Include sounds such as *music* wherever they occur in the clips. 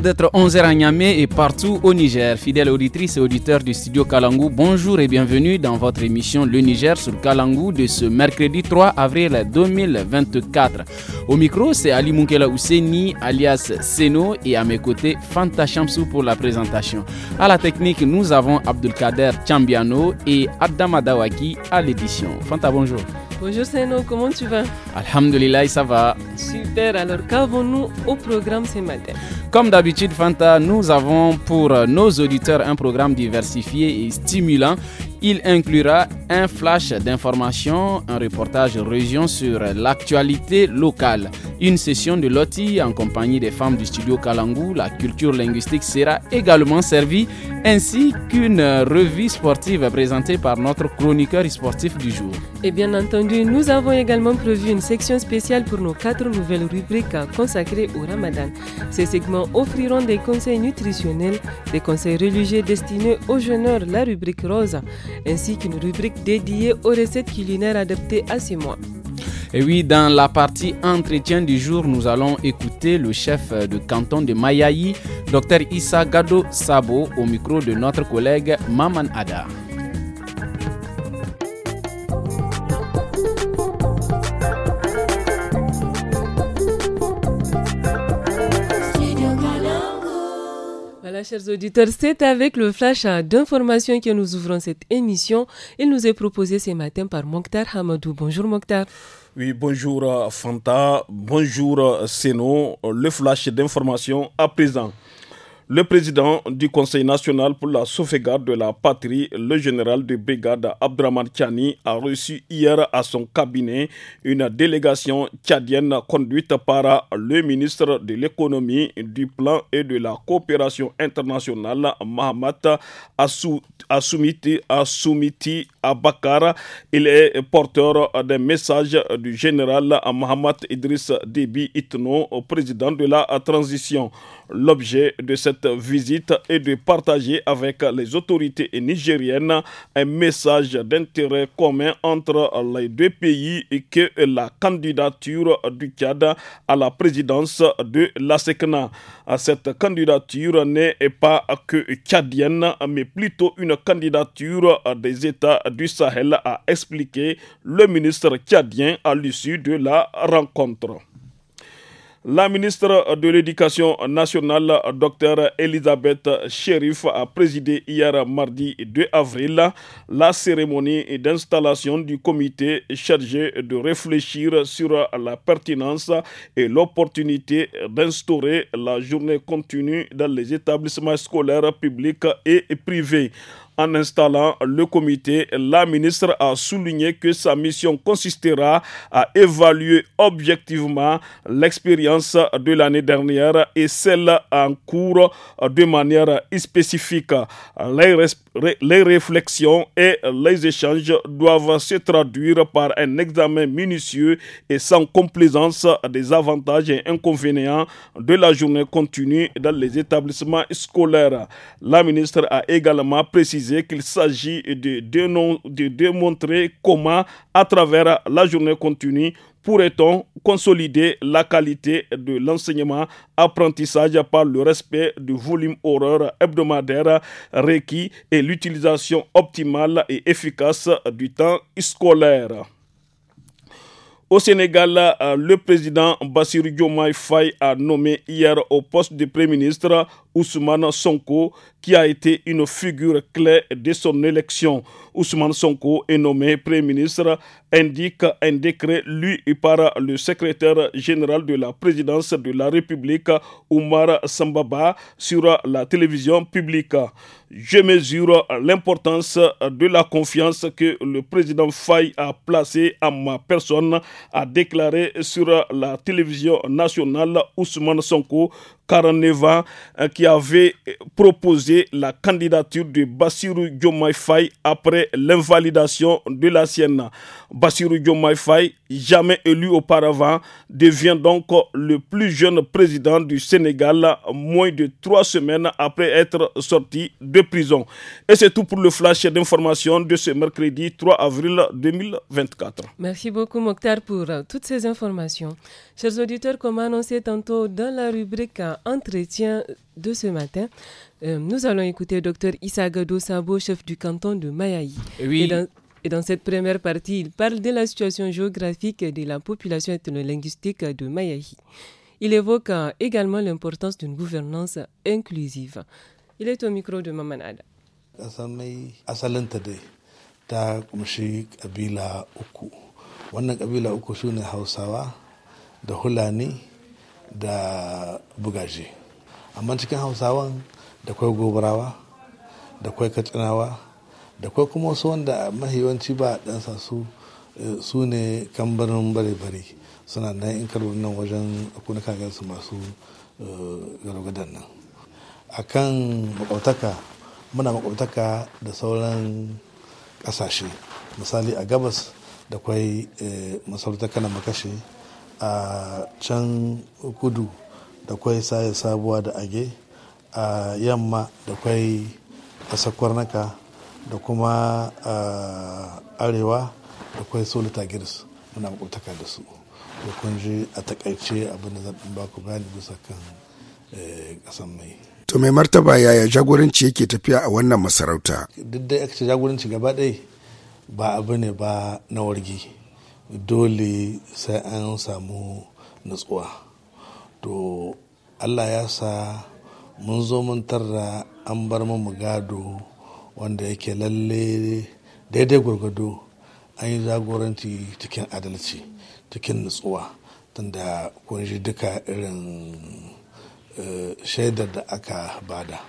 d'être 11h à et partout au Niger. fidèle auditrice et auditeur du studio Kalangou, bonjour et bienvenue dans votre émission Le Niger sur Kalangou de ce mercredi 3 avril 2024. Au micro, c'est Ali Munkela Ousseni, alias Seno, et à mes côtés, Fanta Chamsou pour la présentation. À la technique, nous avons Abdulkader Chambiano et Abdamadawaki à l'édition. Fanta, bonjour. Bonjour Seno, comment tu vas Alhamdulillah, ça va. Super, alors qu'avons-nous au programme ce matin Comme d'habitude Fanta, nous avons pour nos auditeurs un programme diversifié et stimulant il inclura un flash d'information, un reportage région sur l'actualité locale, une session de loti en compagnie des femmes du studio Kalangou. La culture linguistique sera également servie, ainsi qu'une revue sportive présentée par notre chroniqueur sportif du jour. Et bien entendu, nous avons également prévu une section spéciale pour nos quatre nouvelles rubriques consacrées au Ramadan. Ces segments offriront des conseils nutritionnels, des conseils religieux destinés aux jeunes, la rubrique rose ainsi qu'une rubrique dédiée aux recettes culinaires adaptées à ces mois. Et oui, dans la partie entretien du jour, nous allons écouter le chef de canton de Mayaï, Dr Issa Gado Sabo, au micro de notre collègue Maman Ada. chers auditeurs, c'est avec le flash d'information que nous ouvrons cette émission. Il nous est proposé ce matin par Mokhtar Hamadou. Bonjour Mokhtar. Oui, bonjour euh, Fanta, bonjour euh, Seno. Le flash d'information à présent. Le président du Conseil national pour la sauvegarde de la patrie, le général de brigade Abdraman Tchani, a reçu hier à son cabinet une délégation tchadienne conduite par le ministre de l'économie, du plan et de la coopération internationale, Mahamat Assoumiti, Abakar. Il est porteur d'un message du général Mohamed Idriss Debi Itno, président de la transition. L'objet de cette visite est de partager avec les autorités nigériennes un message d'intérêt commun entre les deux pays et que la candidature du Tchad à la présidence de la SECNA. Cette candidature n'est pas que tchadienne, mais plutôt une candidature des États du Sahel, a expliqué le ministre tchadien à l'issue de la rencontre. La ministre de l'Éducation nationale, Dr Elisabeth Sherif, a présidé hier mardi 2 avril la cérémonie d'installation du comité chargé de réfléchir sur la pertinence et l'opportunité d'instaurer la journée continue dans les établissements scolaires publics et privés. En installant le comité, la ministre a souligné que sa mission consistera à évaluer objectivement l'expérience de l'année dernière et celle en cours de manière spécifique les réflexions et les échanges doivent se traduire par un examen minutieux et sans complaisance des avantages et inconvénients de la journée continue dans les établissements scolaires. La ministre a également précisé qu'il s'agit de, démontrer comment, à travers la journée continue, pourrait-on consolider la qualité de l'enseignement apprentissage par le respect du volume horaire hebdomadaire requis et l'utilisation optimale et efficace du temps scolaire. Au Sénégal, euh, le président Bassirou Diomaye Faye a nommé hier au poste de Premier ministre Ousmane Sonko, qui a été une figure clé de son élection. Ousmane Sonko est nommé Premier ministre, indique un décret et par le secrétaire général de la présidence de la République, Oumar Sambaba, sur la télévision publique. Je mesure l'importance de la confiance que le président Faye a placée en ma personne, a déclaré sur la télévision nationale Ousmane Sonko, euh, qui avait proposé la candidature de Bassirou Diomaye Faye après l'invalidation de la sienne. Bassirou Diomaye Faye, jamais élu auparavant, devient donc le plus jeune président du Sénégal moins de trois semaines après être sorti de prison. Et c'est tout pour le flash d'information de ce mercredi 3 avril 2024. Merci beaucoup Mokhtar pour euh, toutes ces informations. Chers auditeurs, comme annoncé tantôt dans la rubrique entretien de ce matin. Euh, nous allons écouter Dr Issa Gado Sabo, chef du canton de Mayahi Et dans, cette première partie, il parle de la situation géographique de la population ethnolinguistique linguistique de Mayahi. Il évoque euh, également l'importance d'une gouvernance inclusive. Il est au micro de Mamanada. da hulani da bugaje amma cikin hausawan da kwai gobarawa da kwai katsinawa da kwai kuma wasu wanda mahiyawanci ba dan sa su eh, su ne kambarin bare-bare suna nan in karbar nan wajen kunuka gansu masu garugadan eh, nan a kan makwabtaka muna makwabtaka da sauran kasashe misali a gabas da kwai eh, masarautar kanan makashe a can kudu da kwai saye sabuwa da age a yamma da kwai sakwarnaka da kuma a arewa da kwai solita girs muna makwabtaka da su da kun ji a takaice abin da zaɓin baku bayani bisa kan kasan eh, mai to mai martaba yaya jagoranci yake tafiya a wannan masarauta duk da aka ce jagoranci gaba ɗaya ba abu ne ba na wargi dole sai an samu nutsuwa to allah ya sa mun zo mun tarra an bar mu gado wanda yake lalle daidai gwargwado an yi zagoranci cikin adalci cikin nutsuwa tunda kun shi duka irin eh, shaidar da aka bada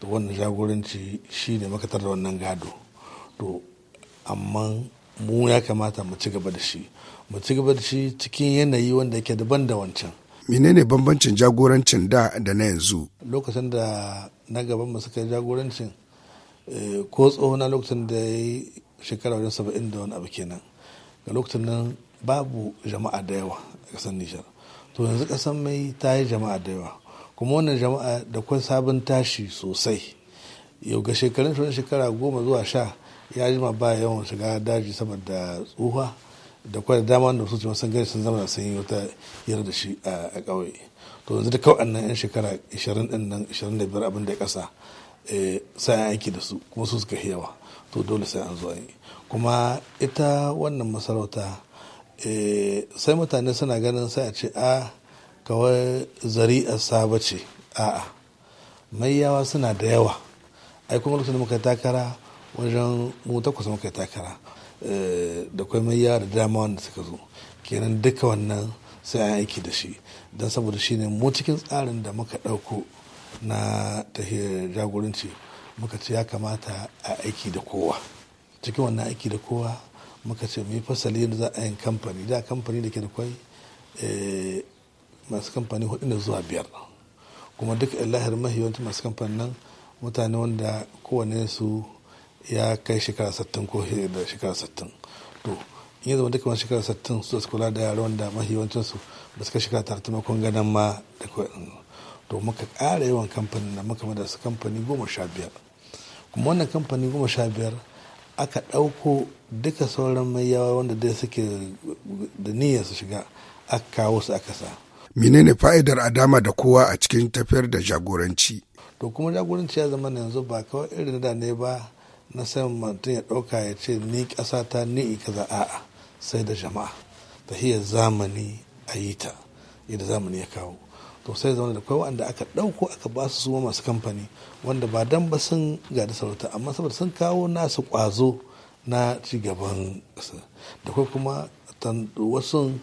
to wannan jagoranci shi ne makatar da wannan gado to amma mu ya kamata mu ci gaba da shi mu ci gaba da shi cikin yanayi wanda yake daban da wancan menene bambancin jagorancin da da na yanzu lokacin da na gaban mu suka jagorancin eh, ko tsohona lokacin da ya yi shekara wajen saba'in da wani abu kenan ga lokacin nan babu jama'a da yawa a ƙasar nishar to yanzu ƙasar mai ta yi jama'a da yawa kuma wannan jama'a da kwan sabon tashi sosai yau ga shekarun shekara goma zuwa sha ya jima ba yawan shiga daji saboda tsuha da kwada dama da su sun gari sun zama sun yi wata yar da shi a ƙauye to yanzu da kawai nan yan shekara 20 din nan 25 abin da ya ƙasa eh, sai an aiki da su kuma su suka yawa to dole sai an zo yi kuma ita wannan masarauta eh, sai mutane suna ganin sai a ce a kawai zari'a saba ce a'a mai yawa suna da yawa ai kuma lokacin da muka takara wajen mu takwas muka yi takara eh, da kwai mai da dama wanda suka zo kenan duka wannan sai an aiki da shi don saboda shi ne mu cikin tsarin da muka ɗauko na tahiyar jagoranci muka ce ya kamata a aiki da kowa cikin wannan aiki da kowa muka ce mai fasali da za a yin kamfani da kamfani da ke da kwai eh, masu kamfani hudu da zuwa biyar kuma duk lahir mahiyar masu kamfanin nan mutane wanda kowane su ya kai shekara sattin ko da shekara sattin to in zama duka wani shekara sattin su su kula da yaro wanda mafi yawancin su ba su kai shekara talatin ba kun ganin ma da kwaɗin to muka ƙara yawan kamfanin na muka mada su kamfani goma sha biyar kuma wannan kamfani goma sha biyar aka ɗauko duka sauran mai yawa wanda dai suke da niyyar su shiga aka kawo su aka sa menene fa'idar adama da kowa a cikin tafiyar da jagoranci to kuma jagoranci ya zama yanzu ba kawai irin da ne ba na sayan mutum ya ɗauka ya ce ni ƙasa ta ni kaza a'a sai da jama'a hiyar zamani a yi ta yadda zamani ya kawo to sai zama da kwai wanda aka ɗauko aka ba su suma masu kamfani wanda ba dan ba sun gada sarauta amma saboda sun kawo nasu ƙwazo na cigaban ƙasa da kwai kuma wasu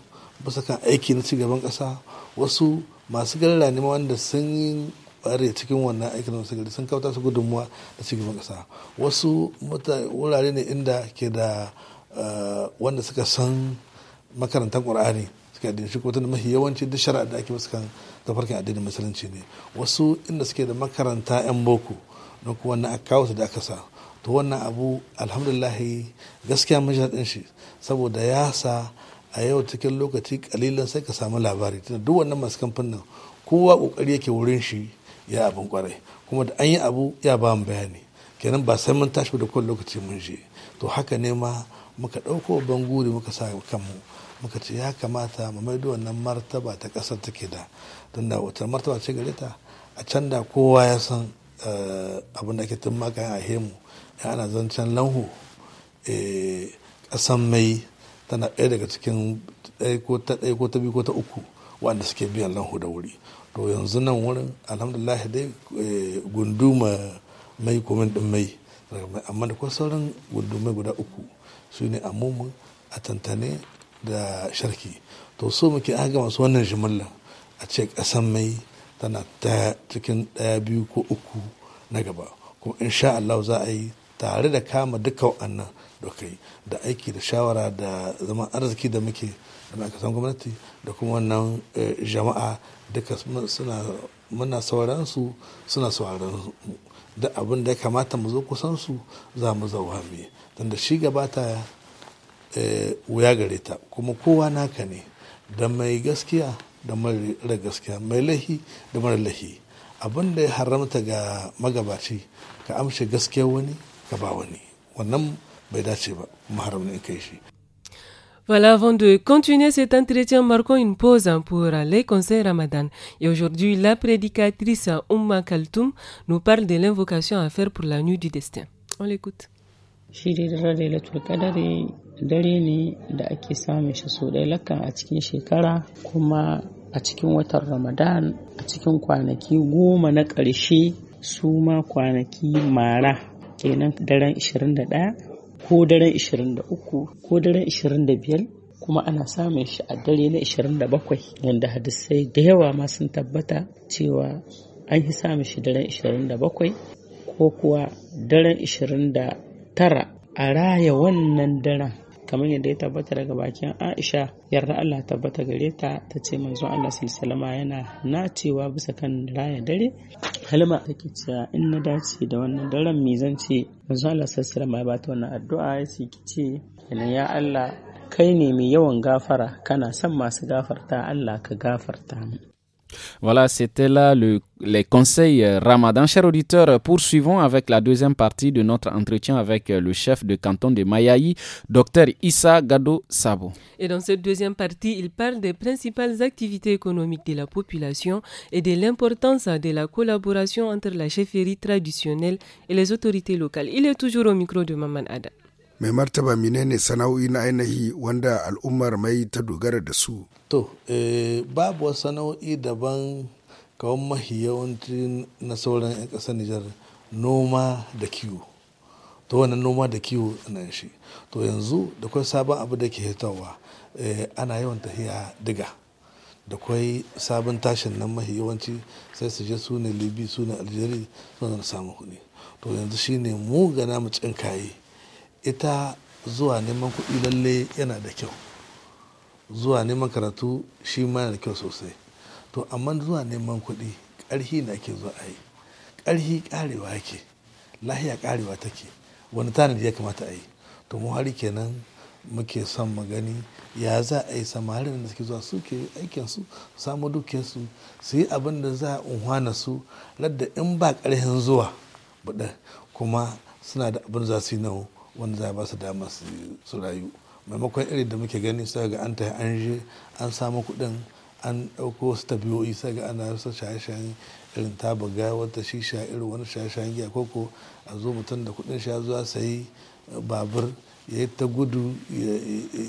bisa kan aiki na cigaban ƙasa wasu masu gara ne wanda sun yi bare cikin wannan aikin wasu gari sun kauta su gudunmuwa da cikin kasa wasu wurare ne inda ke da eh, wanda suka san makarantar ƙur'ani suka yi shi kuma mafi yawanci duk shara'a da ake musu kan tafarkin addinin musulunci ne wasu inda suke da makaranta 'yan boko na kuwa na kawo da aka sa to wannan abu alhamdulillahi gaskiya mun din shi saboda ya sa a yau cikin lokaci kalilan sai ka samu labari tunda duk wannan masu kamfanin kowa kokari yake wurin shi ya abin kwarai kuma da an yi abu ya ba mu bayani kenan ba sai mun tashi da kowane lokaci mun je to haka ne ma muka ɗauko banguri muka sa kanmu muka ce ya kamata mu maido wannan martaba ta ƙasar take da don da wata martaba ce gare ta a can da kowa ya san eh, abin da ke tun maka a hemu ya ana zancen lanhu eh, ƙasan mai tana ɗaya daga cikin ɗaya ko ta biyu ko ta uku waɗanda suke biyan lanhu da wuri to yanzu nan wurin alhamdulillah dai eh, gunduma mai komin din mai amma da sauran mai guda uku su ne amumu a tantane da sharki to so muke aga masu wannan jimillar a ce kasan mai tana ta cikin ɗaya biyu ko uku na gaba kuma insha Allah za a yi tare da kama dukkan wannan dokai da aiki da shawara da zaman arziki da muke da gwamnati da kuma wannan eh, jama'a duka suna muna sauran su suna sauran mu da abin da ya kamata mu zo kusan su za mu zauwa mu don da shi gabata eh, wuya gare ta kuma kowa naka ne da mai gaskiya da mara gaskiya mai lahi da mara lahi abin da ya haramta ga magabaci ka amshe gaskiya wani ka ba wani wannan bai dace ba kuma haram kai shi Voilà, avant de continuer cet entretien, marquons une pause pour les conseils ramadan. Et aujourd'hui, la prédicatrice Umma Kaltoum nous parle de l'invocation à faire pour la nuit du destin. On l'écoute. shi dai daren lailatul kadari dare ne da ake samun shi sau ɗaya lakan a cikin shekara kuma a cikin watan ramadan a cikin kwanaki goma na ƙarshe su ma kwanaki mara kenan daren 21 ko daren 23 ko daren 25 kuma ana samun shi a dare na 27 wanda hadisai da yawa ma sun tabbata cewa an yi samun shi daren 27 ko kuwa daren 29 a raya wannan daren kamar yadda ya tabbata daga bakin Aisha yarda Allah tabbata gare ta ta ce manzon Allah sallallahu yana nacewa bisa kan raya dare Halima take cewa in na dace da wannan daren me zan ce manzon Allah sallallahu ya bata wannan addu'a ya ce ki ce ya Allah kai ne mai yawan gafara kana son masu gafarta Allah ka gafarta mu Voilà, c'était là le, les conseils euh, ramadan. Chers auditeurs, poursuivons avec la deuxième partie de notre entretien avec euh, le chef de canton de Mayaï, Dr Issa Gado Sabo. Et dans cette deuxième partie, il parle des principales activités économiques de la population et de l'importance de la collaboration entre la chefferie traditionnelle et les autorités locales. Il est toujours au micro de Maman Ada. mai martaba menene sana'o'i na ainihi wanda al'ummar mai ta dogara da su to eh, babu wasu sana'o'i daban kawai mahi yawanci na sauran 'yan ƙasar nijar noma da kiwo to wannan noma da kiwo nan shi to yanzu da kwai sabon abu da ke hitawa eh, ana yawan tafiya diga da kwai sabon tashin nan mahi yawanci sai su je su ne libi su ne aljeri su samu kuɗi to yanzu shine mu ga namu tsinkaye ita zuwa neman kuɗi lalle yana da kyau zuwa neman karatu shi ma yana da kyau sosai to amma zuwa neman kuɗi ƙarhi na ke zuwa a yi ƙarhi ƙarewa yake lahiya ƙarewa take wani tanadi ya kamata a yi to mu hari kenan muke son mu gani ya za a yi samarin da suke zuwa suke aikin su samu dukiyarsu su yi abin da za a unhwana su radda in ba ƙarhin zuwa buɗe kuma suna da abin za su yi nawo wanda za a ba su dama su rayu maimakon irin da muke gani sai ga an ta an je an samu kuɗin an ɗauko wasu tabiyoyi sai ga ana rasa shaye shaye irin taba ga wata shisha irin wani shaye shaye giya koko a zo mutum da kuɗin sha zuwa sayi eh, babur ya yi ta gudu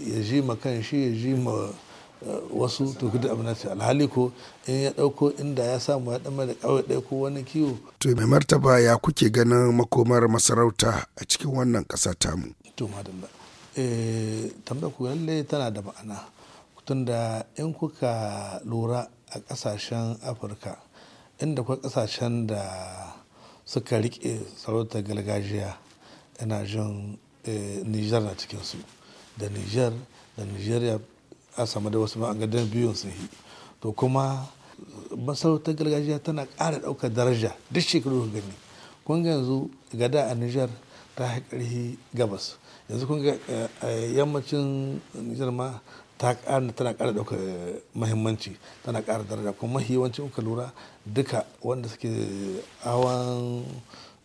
ya ji ma kan shi ya ji ma wasu to da na ce alhali ko in ya dauko inda ya samu ya dama da kawai ɗaya ko wani kiwo. to mai martaba ya kuke ganin makomar masarauta a cikin wannan ƙasa tamu. to madalla eh, tambayar ku lallai tana da ma'ana tunda in kuka lura a ƙasashen afirka inda kuwa ƙasashen da suka riƙe sarautar gargajiya ina jin eh, nijar na cikinsu da nijar da nigeria a samu da wasu ma'angadan biyun sun yi to kuma masarautar gargajiya tana ƙara ɗaukar daraja duk shekaru ka gani kun yanzu gada a nijar ta haƙarhi gabas yanzu kun ga eh, eh, yammacin nijar ma ta ƙara tana ƙara ɗaukar mahimmanci tana ƙara daraja kuma mahi kuka lura duka wanda suke hawan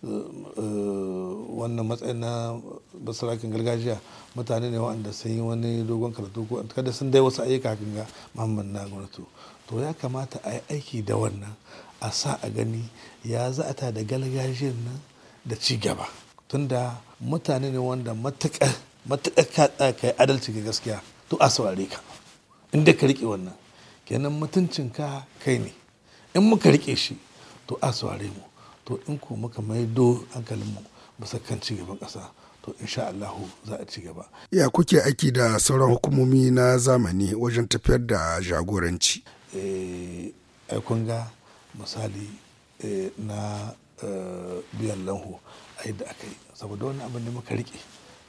wannan matsayin na basarakin gargajiya mutane ne waɗanda sun yi wani dogon karatu ko kada sun dai wasu ayyuka kan ga muhammad na gwamnati to ya kamata a yi aiki da wannan a sa a gani ya za a ta da gargajiyar nan da ci gaba tunda mutane ne wanda matuƙar ka ka yi adalci ga gaskiya to a saurare ka inda ka riƙe wannan kenan mutuncinka kai ne in muka riƙe shi to a saurare mu to in ku muka mai maido hankalinmu bisa kan ci cigaban ƙasa to insha Allah za a ci gaba. Ya kuke aiki da sauran hukumomi na zamani wajen tafiyar da jagoranci? Eh, ai kun ga misali eh, na eh, biyan lanho a yadda aka yi saboda wani abin da muka rike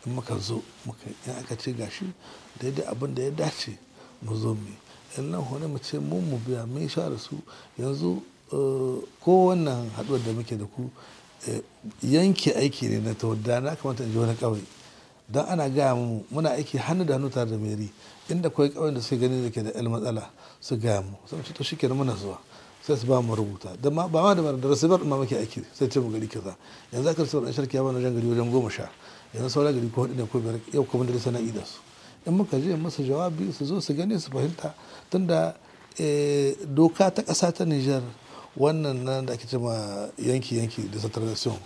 in muka zo muka in aka ce gashi daidai abin da ya dace mu zo mu in lanho ne mu ce mu mu biya mun sha da su yanzu Eh, ko wannan haɗuwar da muke da ku eh, yanke aiki ne na tawadda na kamata in ji wani kawai. don ana gaya mu muna aiki hannu da hannu tare da meri inda kawai kawai da suke gani da ke da yan matsala su gaya mu sun ce to shi kenan muna zuwa sai su ba mu rubuta da ba ma da da rasibar ma muke aiki sai ce mu gari kaza yanzu aka rasibar ɗan sharki ya bani wajen gari wajen goma sha yanzu sauran gari ko hudu ne ko biyar yau kuma dare sana'i da su in muka je masu jawabi su zo su gani su fahimta tunda eh, doka ta ƙasa ta Nijar wannan nan da ake cewa yanki-yanki da saturation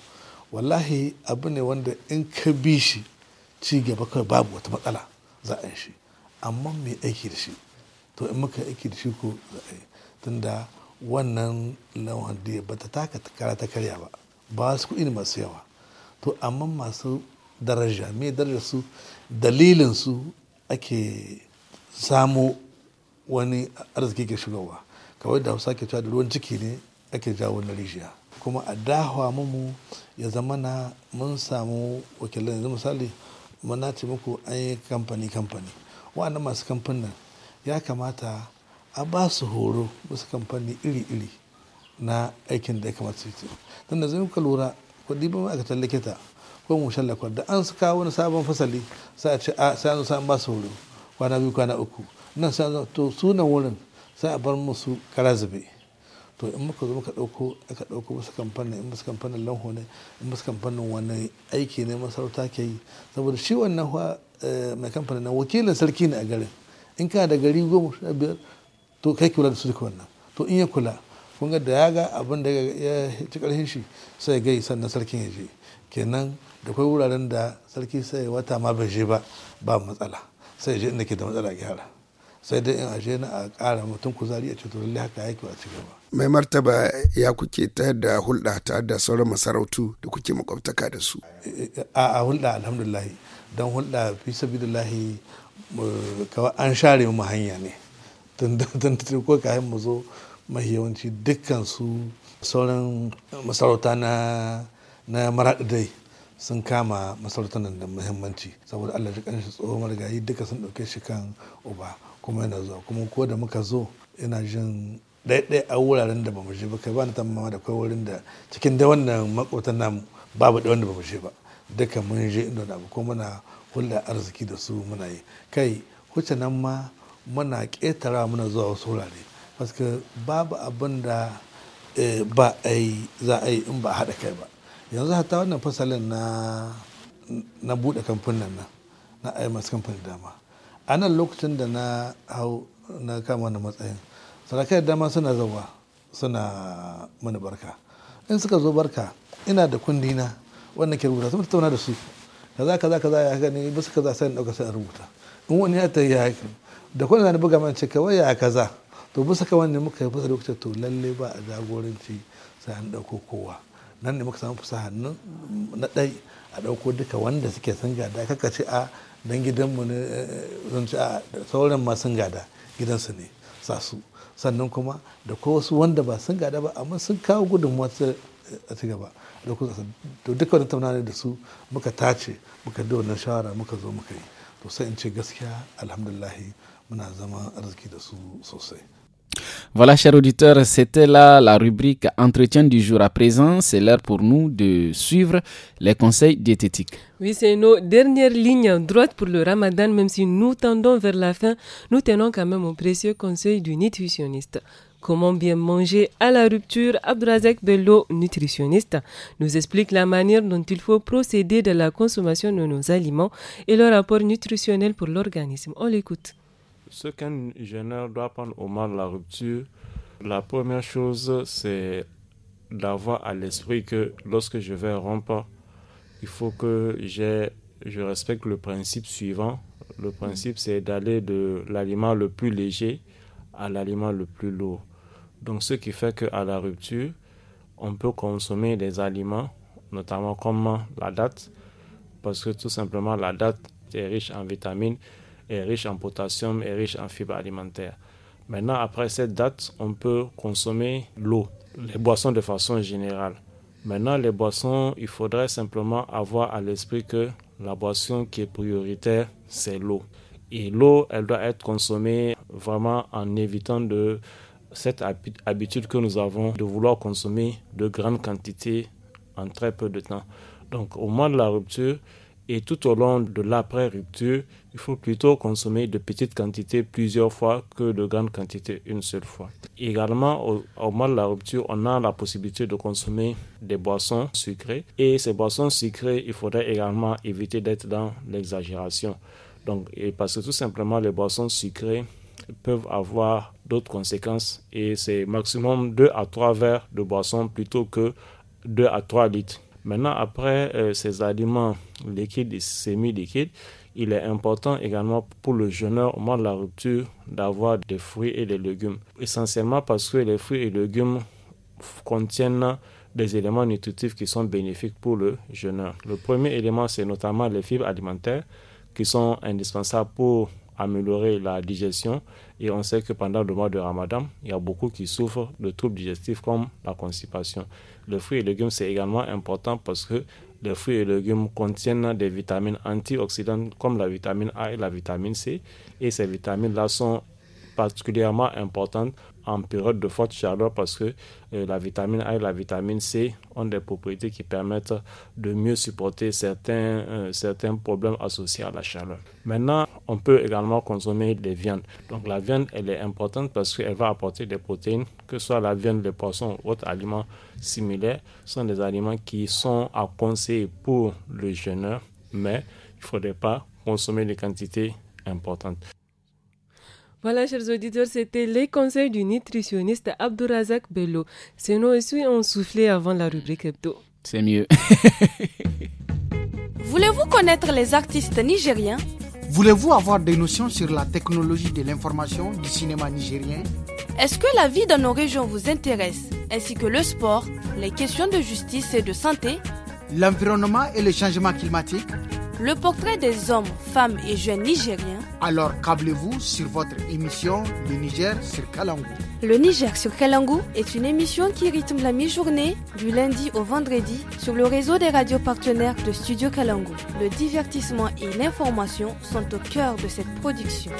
wallahi abu ne wanda in ka bi shi ci gaba kawai babu wata matsala za a yi shi amma mai aiki da shi to in muka aiki da shi ko za a yi tunda wannan lawan da ba ta taka kara ta karya ba ba su kuɗi masu yawa to amma masu daraja mai daraja su dalilin su ake samo wani arziki ke shigarwa kawai da hausa ke cewa da ruwan ciki ne ake jawo na rijiya kuma a dahwa mu ya zama na mun samu wakilai yanzu misali muna ce muku an yi kamfani kamfani wa'annan masu kamfanin ya kamata a ba su horo wasu kamfani iri-iri na aikin da ya kamata su yi don da zai lura kuɗi ba ma'aikatar likita ko mu shallakwar da an su kawo wani sabon fasali sai a ce a sai an ba su horo kwana biyu kwana uku nan sai to sunan wurin sai a bar musu kara zube to in muka zo muka ɗauko aka ɗauko wasu kamfanin in wasu kamfanin lanho ne in wasu kamfanin wani aiki ne masarauta ke yi saboda shi wannan eh, mai kamfanin na wakilin sarki ne a garin in kana da gari goma sha biyar to kai kula da su duka wannan to in ya kula kun ga da ya ga abin da ya ci karhin shi sai gai sannan sarkin ya je kenan da kwai wuraren da sarki sai wata ma bai je ba ba matsala sai je inda ke da matsala gyara sai dai in ashe na a kara mutum kuzari a ceto lallai haka yake a gaba mai martaba ya kuke ta da hulɗa ta da sauran masarautu da kuke makwabtaka da su. a hulɗa alhamdulillah don hulɗa fi sabidillahi kawa an share mu hanya ne tun ko ka mu zo mahi yawanci dukkan su sauran masarauta na na maraɗi sun kama masarautar nan da muhimmanci saboda allah ji ƙanshi tsohon marigayi duka sun ɗauke shi kan uba kuma yana zuwa kuma ko da muka zo ina jin ɗaiɗai a wuraren da bamu je ba kai ba na da kai wurin da cikin da wannan makotan namu babu da wanda bamu je ba duka mun je inda da ba ko muna hulɗa arziki da su muna yi kai huce nan ma muna ƙetara muna zuwa wasu wurare paske babu abin da eh, ba a yi za a yi in ba a haɗa kai ba yanzu hatta wannan fasalin na na buɗe kamfanin nan na imas kamfanin dama a nan lokacin da na hau na kama na matsayin sadakai da dama suna zauwa suna mana barka in suka zo barka ina da kundina wannan ke rubuta sun tattauna da su kaza kaza kaza ya gani bisa kaza sai in dauka sai in rubuta in wani ya tayi ya da kuma na buga mance kawai ya kaza to bisa ka wannan muka yi fasa lokacin to lalle ba a jagoranci sai an dauko kowa nan ne muka samu hannun na dai a ɗauko duka wanda suke san gada kaka ce a don gidanmu ne eh, zance a sauran ma sun gada gidansu ne sa su sannan kuma da ko wasu wanda ba sun gada ba amma sun kawo gudunmuwa eh, a ci gaba da duka wani tauna da su muka tace muka da wannan shawara muka zo muka yi to sai in ce gaskiya alhamdulillah muna zama arziki da su sosai Voilà, chers auditeurs, c'était là la rubrique entretien du jour. À présent, c'est l'heure pour nous de suivre les conseils diététiques. Oui, c'est nos dernières lignes droites pour le ramadan, même si nous tendons vers la fin, nous tenons quand même au précieux conseil du nutritionniste. Comment bien manger à la rupture Abdrazek Bello, nutritionniste, nous explique la manière dont il faut procéder de la consommation de nos aliments et le rapport nutritionnel pour l'organisme. On l'écoute. Ce qu'un ingénieur doit prendre au mal de la rupture, la première chose, c'est d'avoir à l'esprit que lorsque je vais rompre, il faut que je respecte le principe suivant. Le principe, c'est d'aller de l'aliment le plus léger à l'aliment le plus lourd. Donc, ce qui fait qu'à la rupture, on peut consommer des aliments, notamment comme la date, parce que tout simplement, la date est riche en vitamines est riche en potassium, et riche en fibres alimentaires. Maintenant, après cette date, on peut consommer l'eau, les boissons de façon générale. Maintenant, les boissons, il faudrait simplement avoir à l'esprit que la boisson qui est prioritaire, c'est l'eau. Et l'eau, elle doit être consommée vraiment en évitant de cette habitude que nous avons de vouloir consommer de grandes quantités en très peu de temps. Donc, au moment de la rupture, et tout au long de l'après-rupture, il faut plutôt consommer de petites quantités plusieurs fois que de grandes quantités une seule fois. Également, au, moment de la rupture, on a la possibilité de consommer des boissons sucrées. Et ces boissons sucrées, il faudrait également éviter d'être dans l'exagération. Donc, parce que tout simplement, les boissons sucrées peuvent avoir d'autres conséquences. Et c'est maximum 2 à 3 verres de boisson plutôt que 2 à 3 litres Maintenant, après euh, ces aliments liquides et semi-liquides, il est important également pour le jeûneur au moment de la rupture d'avoir des fruits et des légumes. Essentiellement parce que les fruits et légumes contiennent des éléments nutritifs qui sont bénéfiques pour le jeûneur. Le premier élément, c'est notamment les fibres alimentaires qui sont indispensables pour améliorer la digestion. Et on sait que pendant le mois de Ramadan, il y a beaucoup qui souffrent de troubles digestifs comme la constipation. Le fruit et légumes, c'est également important parce que les fruits et légumes contiennent des vitamines antioxydantes comme la vitamine A et la vitamine C. Et ces vitamines-là sont particulièrement importantes en période de forte chaleur parce que euh, la vitamine A et la vitamine C ont des propriétés qui permettent de mieux supporter certains, euh, certains problèmes associés à la chaleur. Maintenant, on peut également consommer des viandes. Donc la viande, elle est importante parce qu'elle va apporter des protéines, que ce soit la viande, les poissons ou autres aliments similaires, sont des aliments qui sont à conseiller pour le jeûneur, mais il ne faudrait pas consommer des quantités importantes. Voilà, chers auditeurs, c'était les conseils du nutritionniste Abdourazak Bello. C'est nous aussi on soufflait avant la rubrique hebdo. C'est mieux. *laughs* Voulez-vous connaître les artistes nigériens Voulez-vous avoir des notions sur la technologie de l'information du cinéma nigérien Est-ce que la vie dans nos régions vous intéresse, ainsi que le sport, les questions de justice et de santé L'environnement et le changement climatique le portrait des hommes, femmes et jeunes nigériens. Alors câblez-vous sur votre émission Le Niger sur Kalangou. Le Niger sur Kalangou est une émission qui rythme la mi-journée du lundi au vendredi sur le réseau des radios partenaires de Studio Kalangou. Le divertissement et l'information sont au cœur de cette production.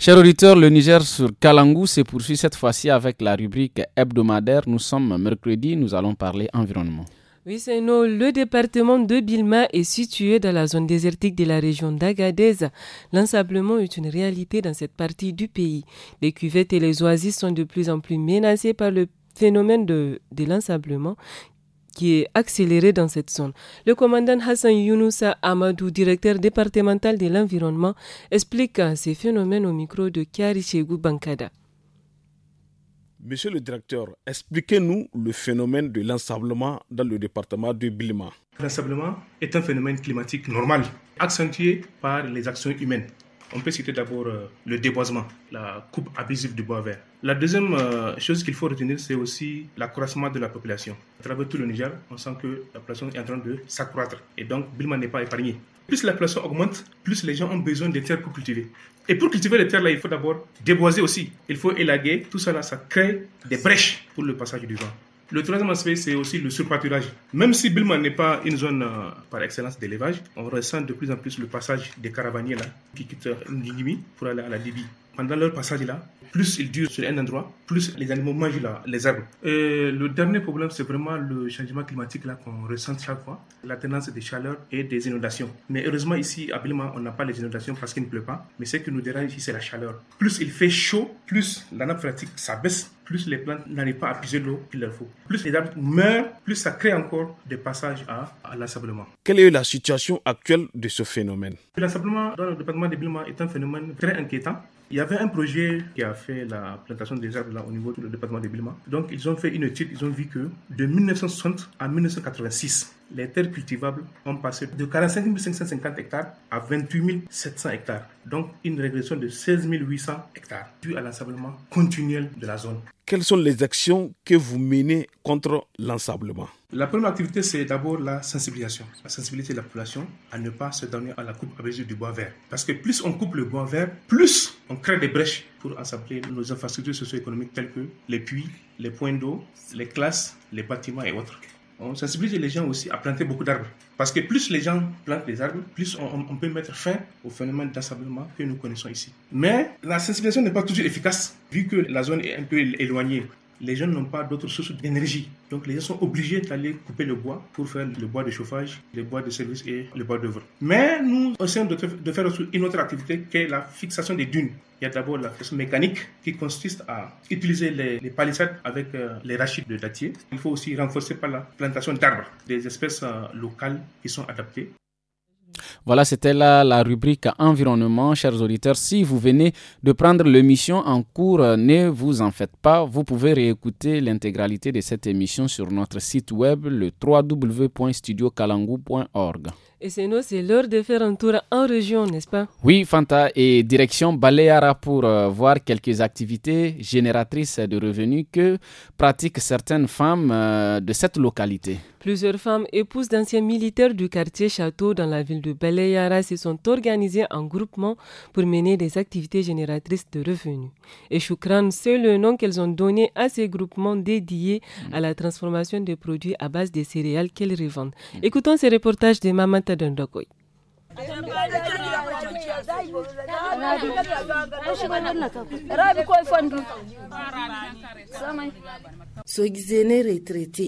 Chers auditeurs, le Niger sur Kalangou se poursuit cette fois-ci avec la rubrique hebdomadaire. Nous sommes mercredi, nous allons parler environnement. Oui, c'est Le département de Bilma est situé dans la zone désertique de la région d'Agadez. L'ensablement est une réalité dans cette partie du pays. Les cuvettes et les oasis sont de plus en plus menacées par le phénomène de, l'ensablement qui est accéléré dans cette zone. Le commandant Hassan Younousa Amadou, directeur départemental de l'environnement, explique ces phénomènes au micro de Kiarichegou Bankada. Monsieur le directeur, expliquez-nous le phénomène de l'ensablement dans le département du Bilma. L'ensablement est un phénomène climatique normal, accentué par les actions humaines. On peut citer d'abord euh, le déboisement, la coupe abusive du bois vert. La deuxième euh, chose qu'il faut retenir, c'est aussi l'accroissement de la population. À travers tout le Niger, on sent que la population est en train de s'accroître. Et donc, Bilma n'est pas épargné. Plus la population augmente, plus les gens ont besoin de terres pour cultiver. Et pour cultiver les terres là, il faut d'abord déboiser aussi. Il faut élaguer. Tout ça là, ça crée des brèches pour le passage du vent. Le troisième aspect, c'est aussi le surpâturage. Même si Bilma n'est pas une zone euh, par excellence d'élevage, on ressent de plus en plus le passage des caravaniers là, qui quittent euh, Ngingimi pour aller à la Libye pendant leur passage là, plus ils durent sur un endroit, plus les animaux mangent là, les arbres. le dernier problème, c'est vraiment le changement climatique là qu'on ressent chaque fois, la tendance des chaleurs et des inondations. Mais heureusement ici, à Bilma, on n'a pas les inondations parce qu'il ne pleut pas. Mais ce qui nous dérange ici, c'est la chaleur. Plus il fait chaud, plus la nappe phréatique s'abaisse, plus les plantes n'arrivent pas à puiser l'eau qu'il leur faut. Plus les arbres meurent, plus ça crée encore des passages à, à l'assablement. Quelle est la situation actuelle de ce phénomène L'assablement dans le département de Bilma est un phénomène très inquiétant il y avait un projet qui a fait la plantation des arbres là, au niveau du département de Bilma. Donc, ils ont fait une étude, ils ont vu que de 1960 à 1986, les terres cultivables ont passé de 45 550 hectares à 28 700 hectares, donc une régression de 16 800 hectares due à l'ensablement continuel de la zone. Quelles sont les actions que vous menez contre l'ensablement la première activité, c'est d'abord la sensibilisation. La sensibilité de la population à ne pas se donner à la coupe à mesure du bois vert. Parce que plus on coupe le bois vert, plus on crée des brèches pour assembler nos infrastructures socio-économiques telles que les puits, les points d'eau, les classes, les bâtiments et autres on sensibilise les gens aussi à planter beaucoup d'arbres. Parce que plus les gens plantent des arbres, plus on, peut mettre fin au phénomène d'ensablement que nous connaissons ici. Mais la sensibilisation n'est pas toujours efficace, vu que la zone est un peu éloignée les jeunes n'ont pas d'autres sources d'énergie. Donc les gens sont obligés d'aller couper le bois pour faire le bois de chauffage, le bois de service et le bois d'œuvre. Mais nous essayons de, faire une autre activité qui est la fixation des dunes. Il y a d'abord la fixation mécanique qui consiste à utiliser les, palissades avec euh, les rachis de datier. Il faut aussi renforcer par la plantation d'arbres, des espèces euh, locales qui sont adaptées. Voilà, c'était la rubrique environnement. Chers auditeurs, si vous venez de prendre l'émission en cours, ne vous en faites pas. Vous pouvez réécouter l'intégralité de cette émission sur notre site web, le www.studiocalangou.org. Et c'est nous, c'est l'heure de faire un tour en région, n'est-ce pas Oui, Fanta, et direction Balayara pour euh, voir quelques activités génératrices de revenus que pratiquent certaines femmes euh, de cette localité. Plusieurs femmes épouses d'anciens militaires du quartier Château dans la ville de Balayara se sont organisées en groupement pour mener des activités génératrices de revenus. Et Choukran, c'est le nom qu'elles ont donné à ces groupements dédiés à la transformation des produits à base des céréales qu'elles revendent. Mm. Écoutons ces reportages de mamans. ta dandakoi. so gizene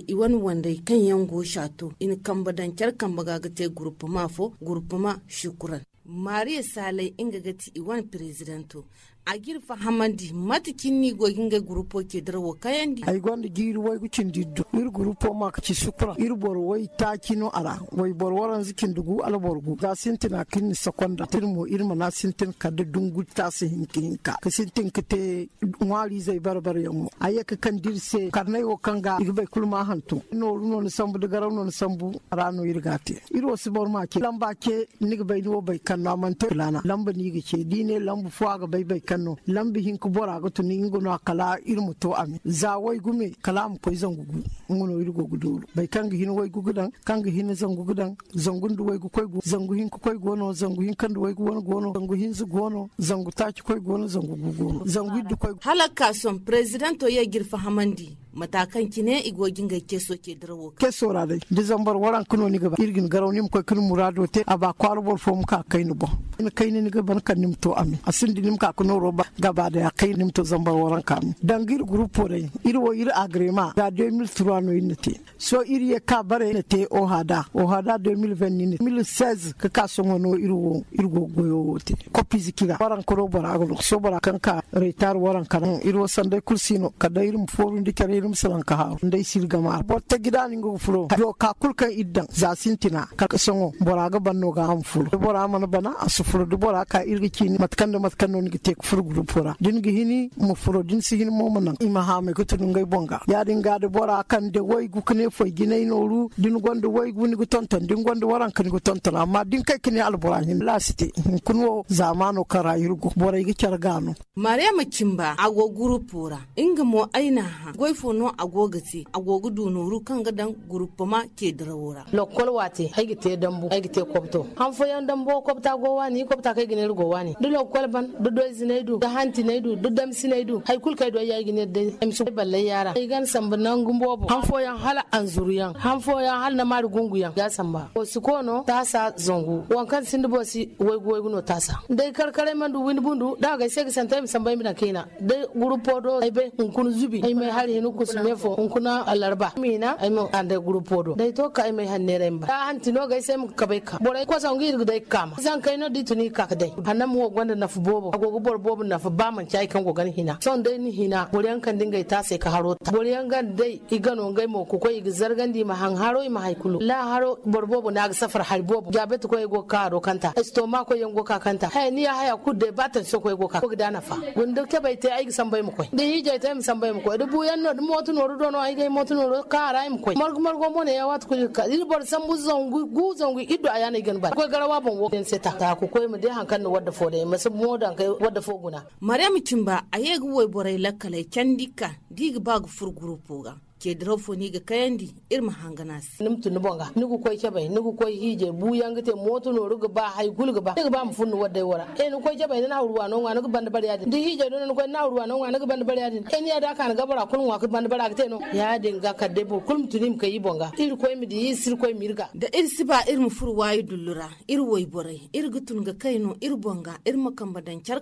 iwan wanda kan yango shato in kamba dancar kamba gate gurupuma fo gurupuma shukuran maria salai inga gati iwan presidento agir fahamandi mati matikinni goginge grupo kedra wo kayandi ay gonde giri way gucindiddo ir grupo maka ci sukura ir bor way takino ara way bor waran zikindugu ala gu ga sintina kinni sekonda tirmo ir mana sintin kadde dungu tasi hinki hinka ka sintin kite ngwali zai barbar yammo aye ka kan dirse karnai wo kanga igbe kulma hantu no runo ni sambu de garaw no sambu rano irgate ir wo sibor ma ke lamba ke nigbe ni wo bai kan namante lana lamba ni gice dine lamba fuaga bai bai kano lambi hinku bora ga tuni ingo no kala irmu to ami za wai kala mko izangu zangu no irgo gudulu bai kangi wa igu gudang kangi hino zangu gudang zangu ndu wa igu kwa igu zangu kwa igu gono zangu hin kan du wai gu wono gono zangu hin zu gono zangu kwa igu gono zangu gu gono zangu kwa igu halaka son presidento ya ye girfa hamandi matakan kine igogin ga ke so ke dirwo ke sora dai dizambar waran kuno ni gaba irgin garawni ko kun murado te aba kwaro bor fo muka kai ni bo in kai ni gaba kan nim to ami asin dinim ka kuno roba gaba da kai nim to zambar waran kam dangir grupo dai irwo ir agrema da 2003 no inete so iri ka bare ne te o hada o hada 2020 ni 2016 ka ka so ngono irwo irgo goyo te kopizi kira waran koro bara aglo so bara kan ka retar waran kan irwo sande kursino kada irum fo ndikare irin selan ka haru ndai sirga ma bor ta gida ni go fulo yo ka kulkan iddan za sintina ka kasongo bora ga banno ga am fulo bora man bana a fulo du bora ka irga kini matkan da matkan non gite fur gulu pora din gi hini mu furo din si hini mo nan ima ha me kutu ngai bonga ya din ga de bora kan de wai gu kne foi gine noru din gondo wai gu ni gu tonton din gondo waran kan gu tonton amma din kai kini al albora hin siti kunwo zamano kara irgu bora gi chargano mariama kimba ago guru pora inga mo aina ha goi ifo no agoga ti agoga du noru kan ga dan gurupa ma ke darawora lokol wate ai gite dambu ai gite kobto han fo yan dambo kobta go wani kobta kai gine go wani du lokol ban du do zinaidu da hanti naidu du dam sinaidu hay kul kai do ya gine de em su balle yara ai gan sambu nan gumbobo han fo yan hala an zuriyan han fo yan hal na mari yan ya samba o su kono sa zongu kan sindu bo si waigu waigu no tasa dai karkare mandu bundu da ga sege santai samba mi na kina dai gurupo do ai be kun kun zubi ai mai har hinu kusune fo kuna alarba mina ay mo ande grupo do dai to kay mai hannere mba ta hanti no gai ka kabe ka borai ko sangi irgu dai kama zan kai no ditu ni ka dai hanna mu gwanda na fu bobo agogo bor bobo na fu ba man chai kan go gani hina son dai ni hina borai kan dinga ta sai ka haro ta borai gan dai igano gai mo ko koi gandi ma han haro ma haikulu la haro bor bobo na ga safar har bobo jabet ko go ka karo kanta esto ma ko yango ka kanta hay ni ya haya ku dai batan so ko go ka ko gidana fa gundo ke bai tai ai san bai mu koi dai hijai tai san bai mu koi dubu yan no yanno motu noru do no ide motu noru kara im ko morgo morgo mo ne yawat ko ka il bor sam bu zongu gu zongu iddo ayana gan ba ko garawa bon wo den seta ta ko koi mu dai hankan wadda fo dai masu mo dan kai wadda fo guna maryam kimba ayegu woy borai lakkalai candika dig bag fur grupo ga ke ni ga kayandi irma Hanganas. nim bonga koy Chabay, nugu koy hije bu moto ba hay ga ba funnu wadai wara en eh, koy chabay na ruwa no di koy na no ngana ga bari eh, da kan ga bara kun wa ga no ya ga bo bonga ir koy mi di koy mirga da ir siba mu fur dullura ir woy ir bonga ir makamba dan ga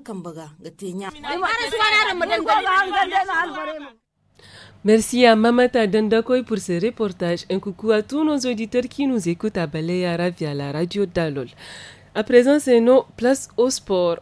Merci à Mamata Dandakoy pour ce reportage. Un coucou à tous nos auditeurs qui nous écoutent à Baleyara via la radio Dalol. À présent, c'est nos places au sport.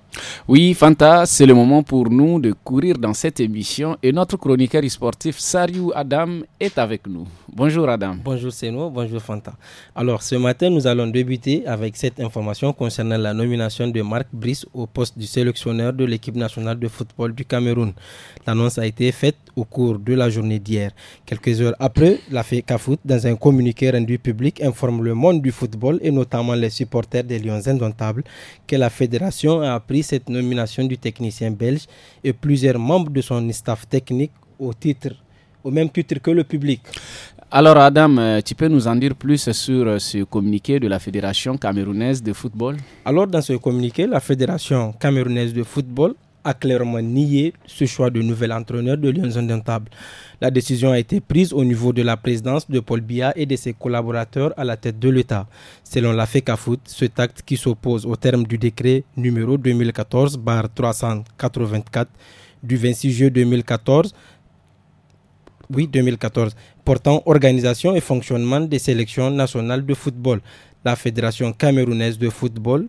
Oui, Fanta, c'est le moment pour nous de courir dans cette émission et notre chroniqueur sportif Sariou Adam est avec nous. Bonjour Adam. Bonjour nous. bonjour Fanta. Alors, ce matin, nous allons débuter avec cette information concernant la nomination de Marc Brice au poste du sélectionneur de l'équipe nationale de football du Cameroun. L'annonce a été faite au cours de la journée d'hier. Quelques heures après, la FECAFOOT, dans un communiqué rendu public, informe le monde du football et notamment les supporters des Lyons que la fédération a pris cette nomination du technicien belge et plusieurs membres de son staff technique au titre au même titre que le public. Alors Adam, euh, tu peux nous en dire plus sur euh, ce communiqué de la Fédération camerounaise de football Alors dans ce communiqué, la Fédération camerounaise de football a clairement nié ce choix de nouvel entraîneur de Lyon zondable. La décision a été prise au niveau de la présidence de Paul Biya et de ses collaborateurs à la tête de l'État. Selon la FECAFOOT, cet acte qui s'oppose au terme du décret numéro 2014-384 du 26 juillet 2014 oui, 2014, portant organisation et fonctionnement des sélections nationales de football. La Fédération camerounaise de football,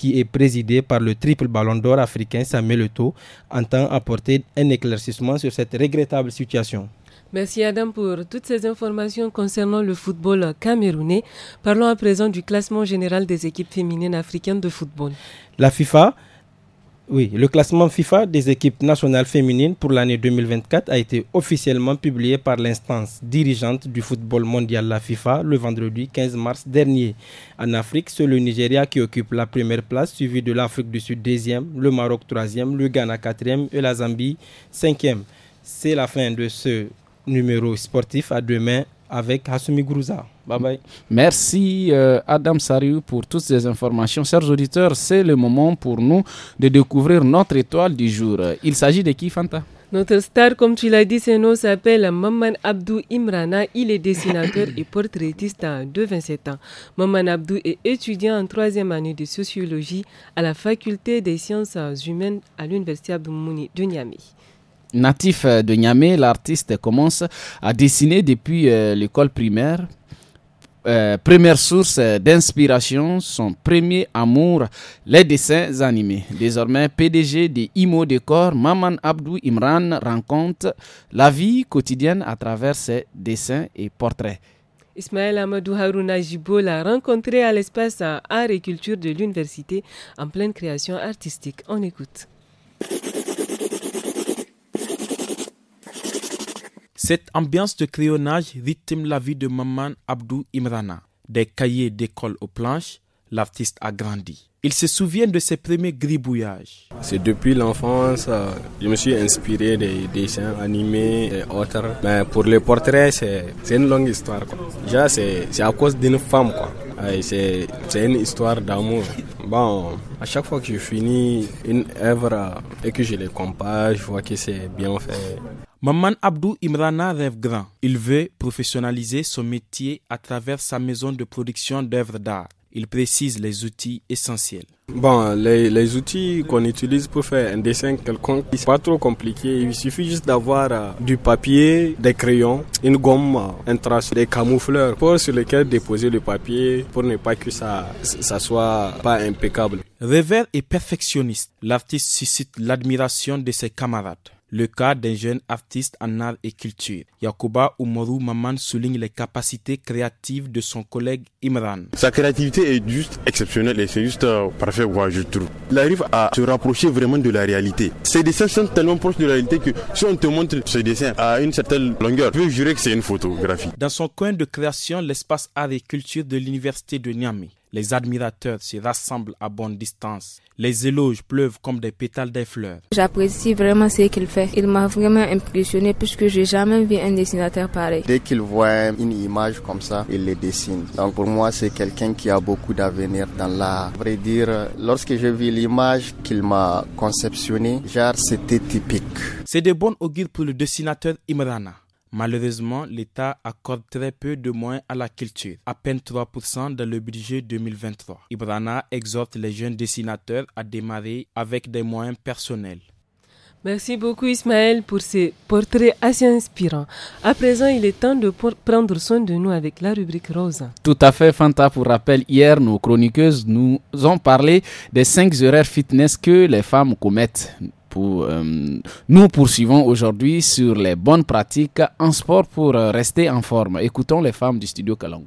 qui est présidé par le triple ballon d'or africain Samuel Eto'o, entend apporter un éclaircissement sur cette regrettable situation. Merci Adam pour toutes ces informations concernant le football camerounais. Parlons à présent du classement général des équipes féminines africaines de football. La FIFA oui, le classement FIFA des équipes nationales féminines pour l'année 2024 a été officiellement publié par l'instance dirigeante du football mondial, la FIFA, le vendredi 15 mars dernier. En Afrique, c'est le Nigeria qui occupe la première place, suivi de l'Afrique du Sud deuxième, le Maroc troisième, le Ghana quatrième et la Zambie cinquième. C'est la fin de ce numéro sportif. À demain avec Hassoumi Grouza. Merci euh, Adam Sariou pour toutes ces informations. Chers auditeurs, c'est le moment pour nous de découvrir notre étoile du jour. Il s'agit de qui, Fanta notre star, comme tu l'as dit, s'appelle Maman Abdou Imrana. Il est dessinateur et portraitiste à 27 ans. Maman Abdou est étudiant en troisième année de sociologie à la faculté des sciences humaines à l'université Mouni de Niamey. Natif de Niamey, l'artiste commence à dessiner depuis euh, l'école primaire, euh, première source d'inspiration, son premier amour, les dessins animés. Désormais PDG de IMO Décor, Maman Abdou Imran rencontre la vie quotidienne à travers ses dessins et portraits. Ismaël Amadou Harouna Jibo l'a rencontré à l'espace Art et Culture de l'université en pleine création artistique. On écoute. Cette ambiance de crayonnage rythme la vie de Maman Abdou Imrana. Des cahiers d'école aux planches, l'artiste a grandi. Il se souvient de ses premiers gribouillages. C'est depuis l'enfance, euh, je me suis inspiré des dessins animés et autres. Mais pour les portraits, c'est une longue histoire. Déjà, c'est à cause d'une femme. C'est une histoire d'amour. Bon, à chaque fois que je finis une œuvre euh, et que je les compare, je vois que c'est bien fait. Maman Abdou Imrana rêve grand. Il veut professionnaliser son métier à travers sa maison de production d'œuvres d'art. Il précise les outils essentiels. Bon, les, outils qu'on utilise pour faire un dessin quelconque, c'est pas trop compliqué. Il suffit juste d'avoir euh, du papier, des crayons, une gomme, euh, un trace, des camoufleurs pour sur lesquels déposer le papier pour ne pas que ça, ça soit pas impeccable. Rêveur et perfectionniste, l'artiste suscite l'admiration de ses camarades le cas d'un jeune artiste en art et culture. Yakuba Umoru Maman souligne les capacités créatives de son collègue Imran. Sa créativité est juste exceptionnelle et c'est juste euh, parfait, je trouve. Il arrive à se rapprocher vraiment de la réalité. Ses dessins sont tellement proches de la réalité que si on te montre ce dessins à une certaine longueur, tu peux jurer que c'est une photographie. Dans son coin de création, l'espace art et culture de l'université de Niamey, les admirateurs se rassemblent à bonne distance. Les éloges pleuvent comme des pétales des fleurs. J'apprécie vraiment ce qu'il fait. Il m'a vraiment impressionné puisque j'ai jamais vu un dessinateur pareil. Dès qu'il voit une image comme ça, il les dessine. Donc pour moi, c'est quelqu'un qui a beaucoup d'avenir dans l'art. Vrai dire, lorsque je vu l'image qu'il m'a conceptionnée, genre c'était typique. C'est de bon augure pour le dessinateur Imrana. Malheureusement, l'État accorde très peu de moyens à la culture, à peine 3% dans le budget 2023. Ibrana exhorte les jeunes dessinateurs à démarrer avec des moyens personnels. Merci beaucoup Ismaël pour ces portraits assez inspirants. À présent, il est temps de prendre soin de nous avec la rubrique rose. Tout à fait, Fanta. Pour rappel, hier, nos chroniqueuses nous ont parlé des 5 horaires fitness que les femmes commettent. Euh, nous poursuivons aujourd'hui sur les bonnes pratiques en sport pour euh, rester en forme. Écoutons les femmes du studio Kalangu.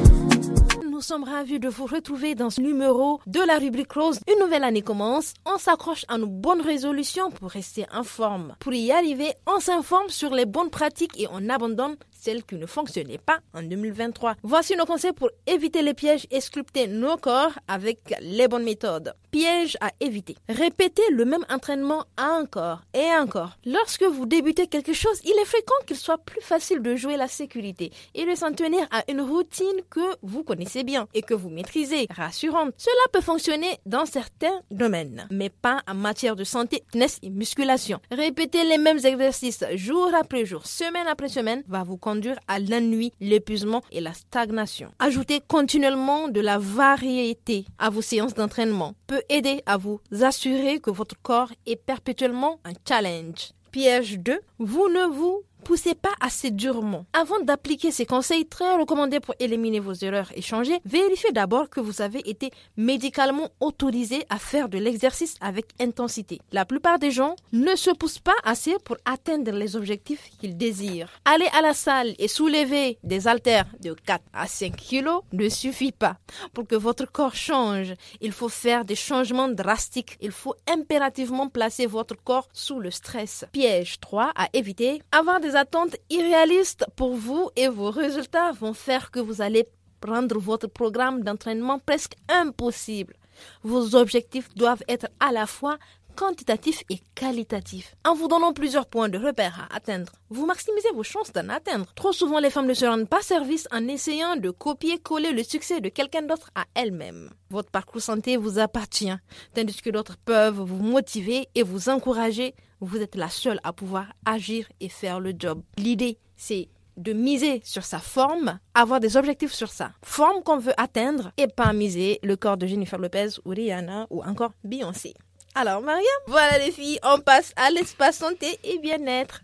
nous sommes ravis de vous retrouver dans ce numéro de la rubrique rose. Une nouvelle année commence, on s'accroche à nos bonnes résolutions pour rester en forme. Pour y arriver, on s'informe sur les bonnes pratiques et on abandonne celles qui ne fonctionnaient pas en 2023. Voici nos conseils pour éviter les pièges et sculpter nos corps avec les bonnes méthodes. Pièges à éviter. Répétez le même entraînement encore et encore. Lorsque vous débutez quelque chose, il est fréquent qu'il soit plus facile de jouer la sécurité et de s'en tenir à une routine que vous connaissez bien et que vous maîtrisez. Rassurante. Cela peut fonctionner dans certains domaines, mais pas en matière de santé, fitness et musculation. Répétez les mêmes exercices jour après jour, semaine après semaine, va vous conduire à l'ennui, l'épuisement et la stagnation. Ajouter continuellement de la variété à vos séances d'entraînement peut aider à vous assurer que votre corps est perpétuellement un challenge. Piège 2. Vous ne vous poussez pas assez durement. Avant d'appliquer ces conseils très recommandés pour éliminer vos erreurs et changer, vérifiez d'abord que vous avez été médicalement autorisé à faire de l'exercice avec intensité. La plupart des gens ne se poussent pas assez pour atteindre les objectifs qu'ils désirent. Aller à la salle et soulever des haltères de 4 à 5 kilos ne suffit pas. Pour que votre corps change, il faut faire des changements drastiques. Il faut impérativement placer votre corps sous le stress. Piège 3 à éviter. Avant de attentes irréalistes pour vous et vos résultats vont faire que vous allez rendre votre programme d'entraînement presque impossible. Vos objectifs doivent être à la fois quantitatifs et qualitatifs. En vous donnant plusieurs points de repère à atteindre, vous maximisez vos chances d'en atteindre. Trop souvent, les femmes ne se rendent pas service en essayant de copier-coller le succès de quelqu'un d'autre à elles-mêmes. Votre parcours santé vous appartient, tandis que d'autres peuvent vous motiver et vous encourager vous êtes la seule à pouvoir agir et faire le job. L'idée, c'est de miser sur sa forme, avoir des objectifs sur sa forme qu'on veut atteindre et pas miser le corps de Jennifer Lopez ou Rihanna ou encore Beyoncé. Alors Maria, voilà les filles, on passe à l'espace santé et bien-être.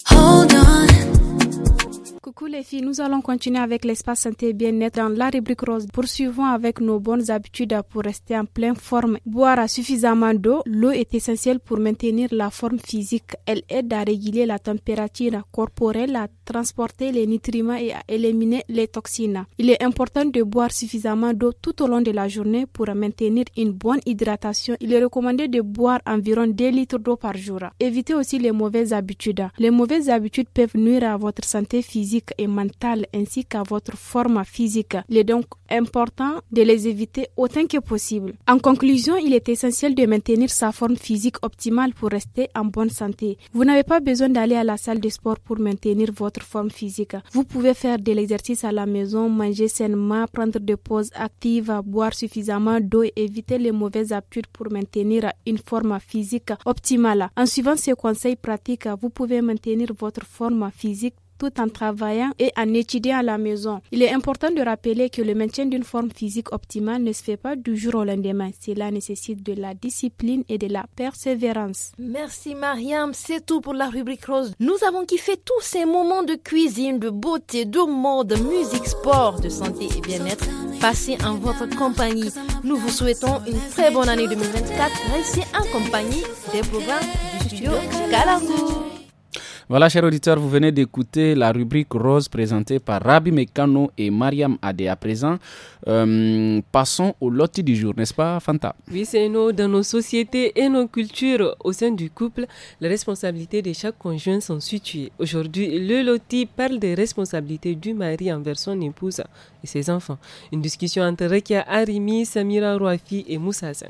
Coucou les filles, nous allons continuer avec l'espace santé bien-être dans la rubrique rose. Poursuivons avec nos bonnes habitudes pour rester en pleine forme. Boire suffisamment d'eau, l'eau est essentielle pour maintenir la forme physique. Elle aide à réguler la température corporelle, à transporter les nutriments et à éliminer les toxines. Il est important de boire suffisamment d'eau tout au long de la journée pour maintenir une bonne hydratation. Il est recommandé de boire environ 2 litres d'eau par jour. Évitez aussi les mauvaises habitudes. Les mauvaises habitudes peuvent nuire à votre santé physique et mentale ainsi qu'à votre forme physique. Il est donc important de les éviter autant que possible. En conclusion, il est essentiel de maintenir sa forme physique optimale pour rester en bonne santé. Vous n'avez pas besoin d'aller à la salle de sport pour maintenir votre forme physique. Vous pouvez faire de l'exercice à la maison, manger sainement, prendre des pauses actives, boire suffisamment d'eau et éviter les mauvaises habitudes pour maintenir une forme physique optimale. En suivant ces conseils pratiques, vous pouvez maintenir votre forme physique tout en travaillant et en étudiant à la maison. Il est important de rappeler que le maintien d'une forme physique optimale ne se fait pas du jour au lendemain. Cela nécessite de la discipline et de la persévérance. Merci Mariam, c'est tout pour la rubrique rose. Nous avons kiffé tous ces moments de cuisine, de beauté, de mode, musique, sport, de santé et bien-être passés en votre compagnie. Nous vous souhaitons une très bonne année 2024. Restez en compagnie des programmes du studio voilà, chers auditeurs, vous venez d'écouter la rubrique rose présentée par Rabi Mekano et Mariam Adé. À présent, euh, passons au loti du jour, n'est-ce pas, Fanta Oui, c'est nous. Dans nos sociétés et nos cultures, au sein du couple, les responsabilités de chaque conjoint sont situées. Aujourd'hui, le loti parle des responsabilités du mari envers son épouse et ses enfants. Une discussion entre Rekia Arimi, Samira Rouafi et Moussa Hassan.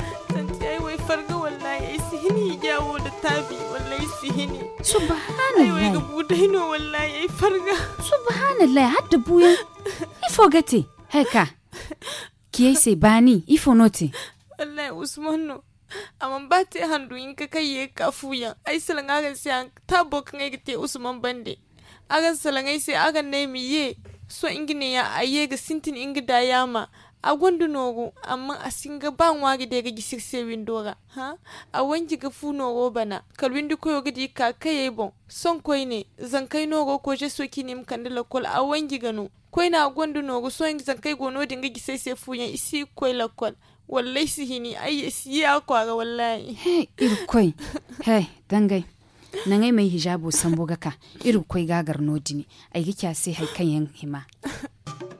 subhanallah har da buyan ifo gate heka ki yi sai bani ifo note wallahi usmanu amma ba ta handu in ka kai ya kafu yan ai salan agan sai an tabo kan ai te usman bande agan salan ai sai agan ne mi ye so ingine ya aye ga sintin ingida yama a gondu noro amma a singa ba wari de ga gisir se windora ha a wanji ga fu noro bana kal windu koyo gidi ka kaye bon son koy ne zan kai noro ko je soki nim kandala kol a wanji gano koy na gondu noro so yin zan kai gono dinga gisai sai fu yan isi koy la kol wallahi sihini ai si ya kwara wallahi he irkoi he dangai nangai mai hijabu sambo gaka irkoi gagar nodini ai kya sai hai kan yan hima *laughs*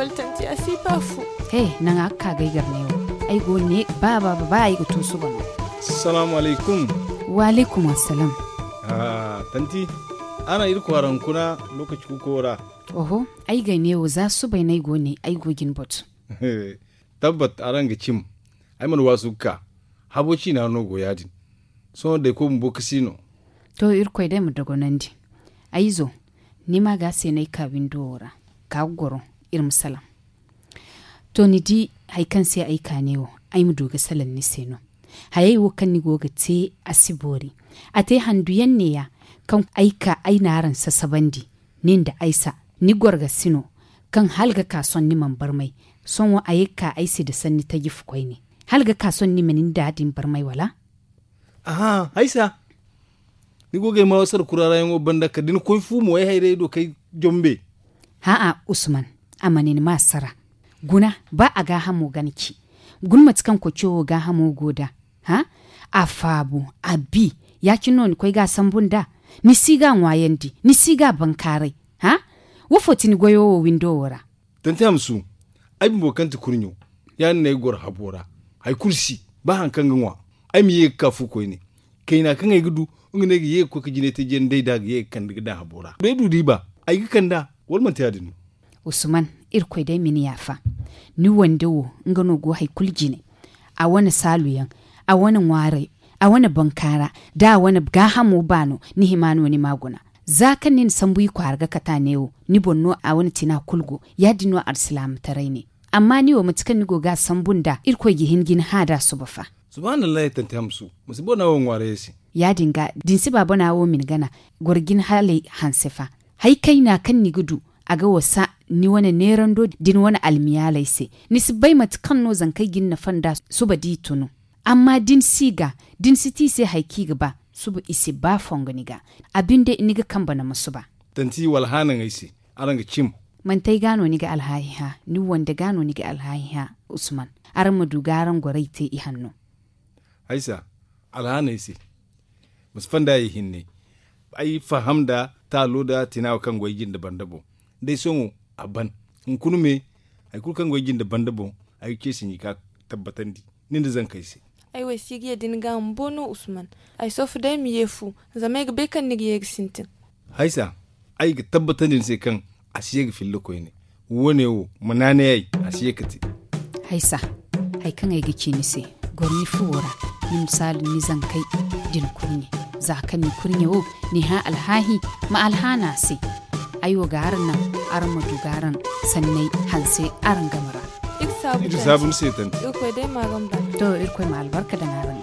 waltanti a si pa fu hey nan akka gai garne ai gonne ba ba ba ba gutu su bana Salamu alaikum wa alaikum assalam ah tanti ana yi haran kuna lokaci ku kora oho ai gai ne za su bai nai gone ai gogin bot *laughs* tabbat a ranga cim ai man wasu ka haboci na nogo goyadin Sun da ko mu bokasino to irkwai dai mu dago nan di aizo ni ma ga sai nai ka windo wora ka goro irim salam to ni di hay kan se ay kane wo ay mu doga salan ni seno hayai wo kan ni goga te asibori ate handu ne ya kan aika ay naran sa sabandi nin da aisa ni gorga sino kan halga kason ni man barmai son wa ay aisi da sanni ta gifu kwai ne halga kason ni menin da hadin barmai wala aha aisa ni goge ma wasar kurara yan obanda ka din koy fu mo ay hayre do kai jombe ha a usman amanin masara guna ba a ga hamu ganki gun matikan ko ciwo ga hamu goda ha a fabu a bi ya ki non koi ga sambun da ni siga di ni siga bankare ha wo tini goyo wo window wora ta amsu ai bo kanta kurnyo ya ne gor habora ai kursi ba hankan ganwa ai mi ka fu koi ne kaina kan ai gudu ne ye ko ka jine te jen dai da ye kan da habora be du ba ai kan da wal man ta usman irkwai dai mini yafa ni wanda wo ngano go hay kuljine a wani saluyan a wani ware a wani bankara da wani mu bano ni himano ni maguna zakan nin ku harga kata newo ni bonno a wani tina kulgo ya yadino arsilam ne amma ni wo mutukan ni goga sambunda irkwai gihin gin hada su bafa subhanallah tanti hamsu musibo na won ware yasi ya dinga dinsi baba na wo min gana gurgin halai hansefa hai kai na kan ni gudu aga wasa ni neran nerando din wani ni almiyalai bai nisibai kan no zankai ginna fanda su ba di tunu amma din siga din siti se haiki gaba ba isi ba da abinda ga kan bana musu ba tanti walhanan aisi aranga chim tai gano niga alhaiha ni wanda gano niga alhaiha usman aran dugaran gurai te i hannu aisa alhanan isi musfanda yi hinne ai fahamda da loda tinawa kan gwaigin daban bandabo dai songo a ban in kunu me ai kul kan gojin da ban da bon ce ke sin ka tabbatan di da zan kai sai ai wai sigi ya dinga an bono usman ai sofu dai mi yefu zama ga bai kan ni ga sintin haisa ai ga tabbatar din sai kan a siye ga fillo ko ne wone wo munane yayi a siya ka ti haisa ai kan ai ga kini sai gorni fuwara ni misali ni zan kai din kunye za ka mi kurnye wo ni ha alhahi ma alhana sai aiwa garin nan aran matu garan sannai hanse aran gamara ik sabu sabun setan ik dai magan ba to ikwai ma albarka da naran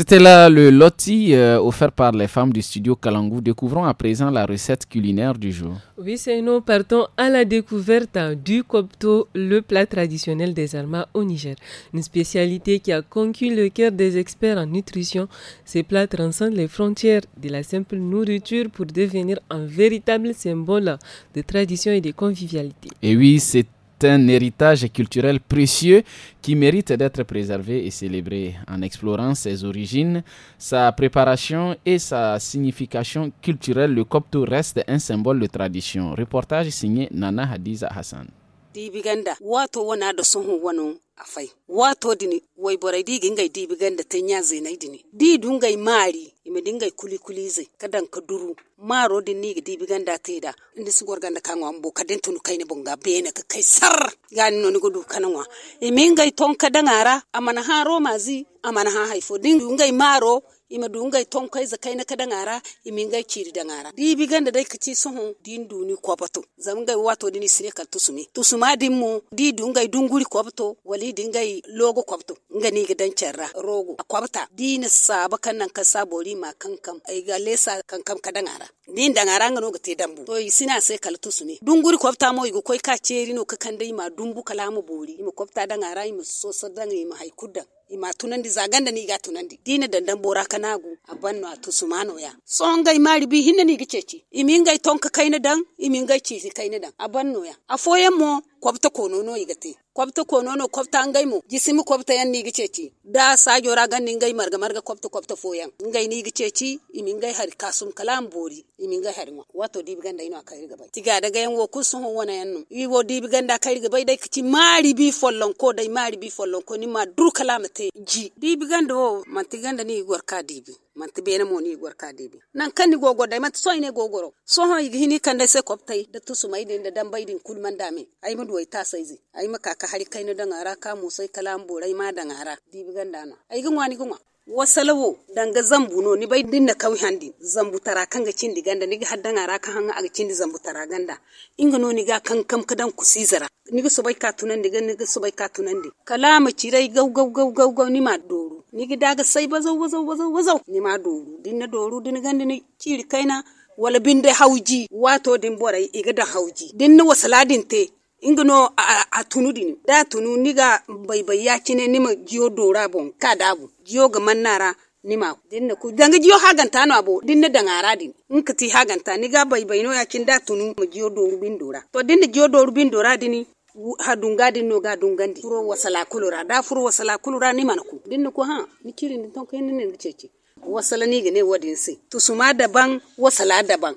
C'était là le loti euh, offert par les femmes du studio Kalangu. Découvrons à présent la recette culinaire du jour. Oui, c'est nous partons à la découverte du kopto, le plat traditionnel des Armas au Niger. Une spécialité qui a conquis le cœur des experts en nutrition. Ces plats transcendent les frontières de la simple nourriture pour devenir un véritable symbole de tradition et de convivialité. Et oui, c'est un héritage culturel précieux qui mérite d'être préservé et célébré. En explorant ses origines, sa préparation et sa signification culturelle, le copto reste un symbole de tradition. Reportage signé Nana Hadiza Hassan afai wato dini wai borai di gingai di ganda da tan dini di dungai mari ime kuli kadan maro dini ga di bigan da Teda da this su kaden tunu bonga bene ka kai sar gani no kanwa ton kadan ara amana haro mazi amana ha haifo maro ima dungai ton kai za kai na ka dangara imi ngai ciri ganda dai kaci din duni kwabato zam wato dini sire tusumi tusuma di dungai dunguri kwabato wali di logo kwabto ngani gidan charra rogo kwabta dina saba kanan ka sabori ma kankam ai ga lesa kankam kadangara din dangara ngano te dambu to sina sai kaltu sune dunguri mo igu koi ka ceri no ka ma dumbu kalamu bori mu kwabta dangara mu so ma mu ima tunandi zaganda ni ga tunandi dina dandan bora kanagu abanno atusumano ya songa imari bi hinna ni giceci imingai tonka kaina dan imingai cisi kaina dan abanno ya afoyen mo kwabta konono igate kwabta konono kwabta ngai mo jisimu kwabta yan ni giceci da sajo ra gan ngai marga marga kwabta kwabta foyan ngai ni giceci imingai har kasum kalam bori imingai har wato dibi ganda ino akari gaba tiga daga yan wo kusun hon wana yan iwo dibi ganda akari gaba dai kici mari bi follon ko dai mari bi follon ko ni ma dru kalamata ti ji dibi ganda wo manti ganda ni igor ka dibi manti bene mo ni igor ka dibi nan kan ni gogo dai manti so ine gogoro so ha igi hini kan dai se koptai da tusu mai din da dambai din kulman dame ai mu duwai ta sai ai maka ka hari kai no dan ara ka mu sai kalam borai ma dan ara dibi ganda na ai gun wani gun wasalawo danga zambu no ni bai dinna kawi handi zambu tara kan ga cindi ganda ni ga haddan ara kan hanga aga cindi zambu tara ganda inga no ni ga kan kam kadan ku sizara ni ga sobai katunan diga ni ga sobai katunan di kalama cirai gau gau gau gau gau ni ma doru ni ga daga sai bazau bazau bazau bazau ni ma doru dinna doru dinna ganda ni ciri kaina wala bin da hauji wato din borai iga da hauji dinna wasaladin te ingino a, a tunu dini da tunu niga bai ya kine nima jiyo dora bon ka bu jiyo ga mannara nima dinna ku danga jiyo haganta no abo dinna dangara din in kati haganta niga bai no ya kin da tunu ma jiyo doru bin dora to dinna jiyo doru bin dora dini ha dunga din no ga din furo wasala kulura da furo wasala kulura nima ku dinna ku ha ni kirin ton kai ne ne cece wasala ni ga ne wadin sai tusuma daban wasala daban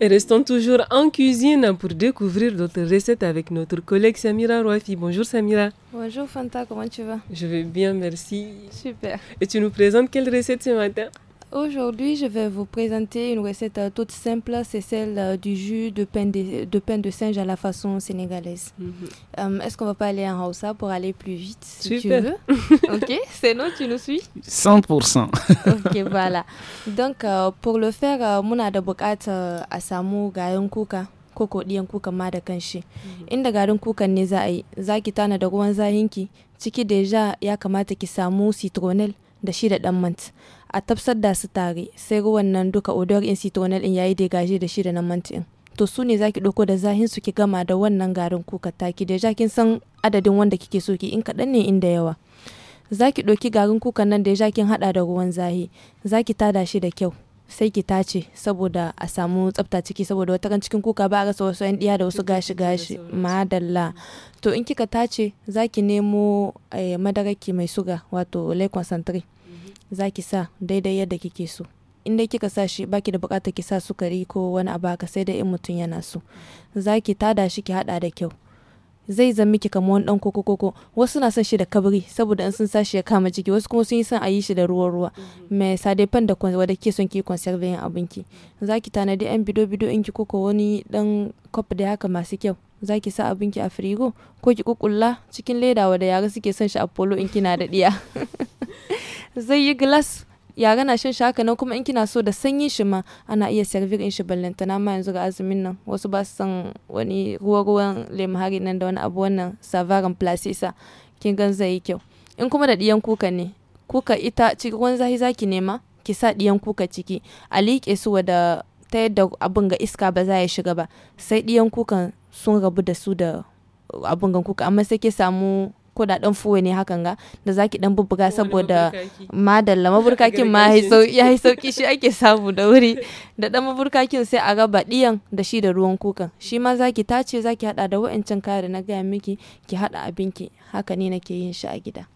Et restons toujours en cuisine pour découvrir d'autres recettes avec notre collègue Samira Rouafi. Bonjour Samira. Bonjour Fanta, comment tu vas Je vais bien, merci. Super. Et tu nous présentes quelle recette ce matin Aujourd'hui, je vais vous présenter une recette euh, toute simple, c'est celle euh, du jus de pain de, de, de singe à la façon sénégalaise. Mm Est-ce qu'on va pas aller en Hausa pour aller plus vite si tu veux *laughs* Ok, sinon tu nous suis 100%. ok, voilà. Donc, pour le faire, uh, da bukata a samu gayan kuka. ko kukan ma da kanshi mhm. inda garin kukan ne za a yi za ki tana da ruwan zahinki ciki deja ya kamata ki samu citronel da shi da dan mint a tafsar da su tare sai ruwan nan duka odor institutional in yayi degaje da shi da nan mantin to su ne zaki ɗauko da zahin su ki gama da wannan garin kuka taki da ja san adadin wanda kike so ki in kadan ne inda yawa zaki ɗauki garin kuka nan da ja kin haɗa da ruwan zahi zaki tada shi da kyau sai ki tace saboda a samu tsafta ciki saboda wata kan cikin kuka ba a rasa wasu 'yan diya da wasu gashi gashi madalla to in kika tace zaki nemo eh, madaraki mai suga wato lake concentrate za ki sa daidai yadda kike so in dai kika sa shi baki da bukatar ki sa sukari ko wani abu haka sai da in mutum yana so za ki tada shi ki hada da kyau zai zama miki kamar wani dan koko koko wasu na son shi da kabri saboda in sun sa shi ya kama jiki wasu kuma sun yi son a yi shi da ruwa ruwa mm-hmm. mai fan da wanda ke son ki conserve yin abinki za ki tanadi yan bido bido in ki koko wani dan kwaf da haka masu kyau za ki sa abinki a firigo ko ki kukulla cikin leda da yara suke son shi a polo in kina da diya *laughs* zai yi glass yara na shan shi haka nan kuma in kina so da sanyi shi ma ana iya servir in shi ballantana ma yanzu ga azumin nan wasu ba su san wani ruwa ruwan hari nan da wani abu wannan savaran plasisa kin gan zai yi kyau in kuma da diyan kuka ne kuka ita cikin zahi zaki nema ki sa ɗiyan kuka ciki a liƙe su wada ta yadda abin ga iska ba za ya shiga ba sai diyan kukan sun rabu da su da uh, abin gan kuka amma sai ke samu ko da dan fuwe ne hakan ga da zaki dan bubbuga saboda madalla *laughs* maburkakin ma ya yi sauki shi ake samu da wuri da dan maburkakin sai a raba diyan da shi da ruwan kukan shi ma zaki tace zaki hada da wa'ancan kaya da na gaya miki ki hada abinki haka ne nake yin shi a gida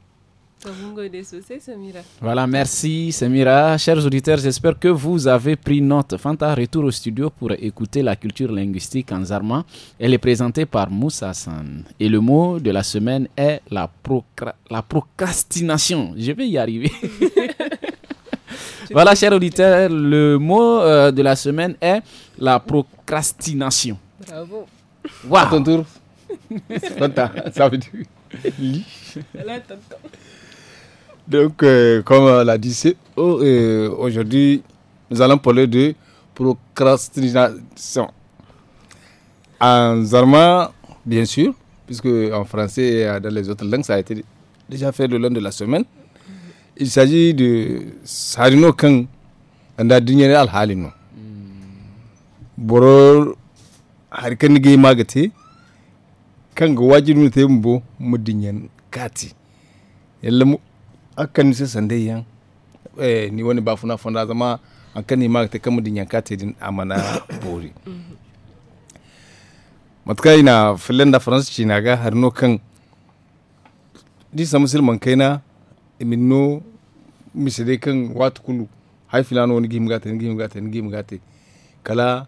Voilà, merci Samira. Chers auditeurs, j'espère que vous avez pris note. Fanta, retour au studio pour écouter la culture linguistique en Zarma. Elle est présentée par Moussa San. Et le mot de la semaine est la, la procrastination. Je vais y arriver. *laughs* *laughs* voilà, chers auditeurs, le mot euh, de la semaine est la procrastination. Bravo. Wow. ton tour. *laughs* ça veut dire. Donc, euh, comme l'a dit, oh, euh, aujourd'hui, nous allons parler de procrastination. En allemand, bien sûr, puisque en français et dans les autres langues, ça a été déjà fait le long de la semaine. Il s'agit de Sarino Kang, akan sai sande yan eh ni wani ba funa funa zama akan ni ma ta kamu din yanka te din amana bori matka ina finland da france ci na ga harno kan di samu silman kaina minno misali kan watu kulu hay filano ni gimga gate ni gim gate ni gim gate kala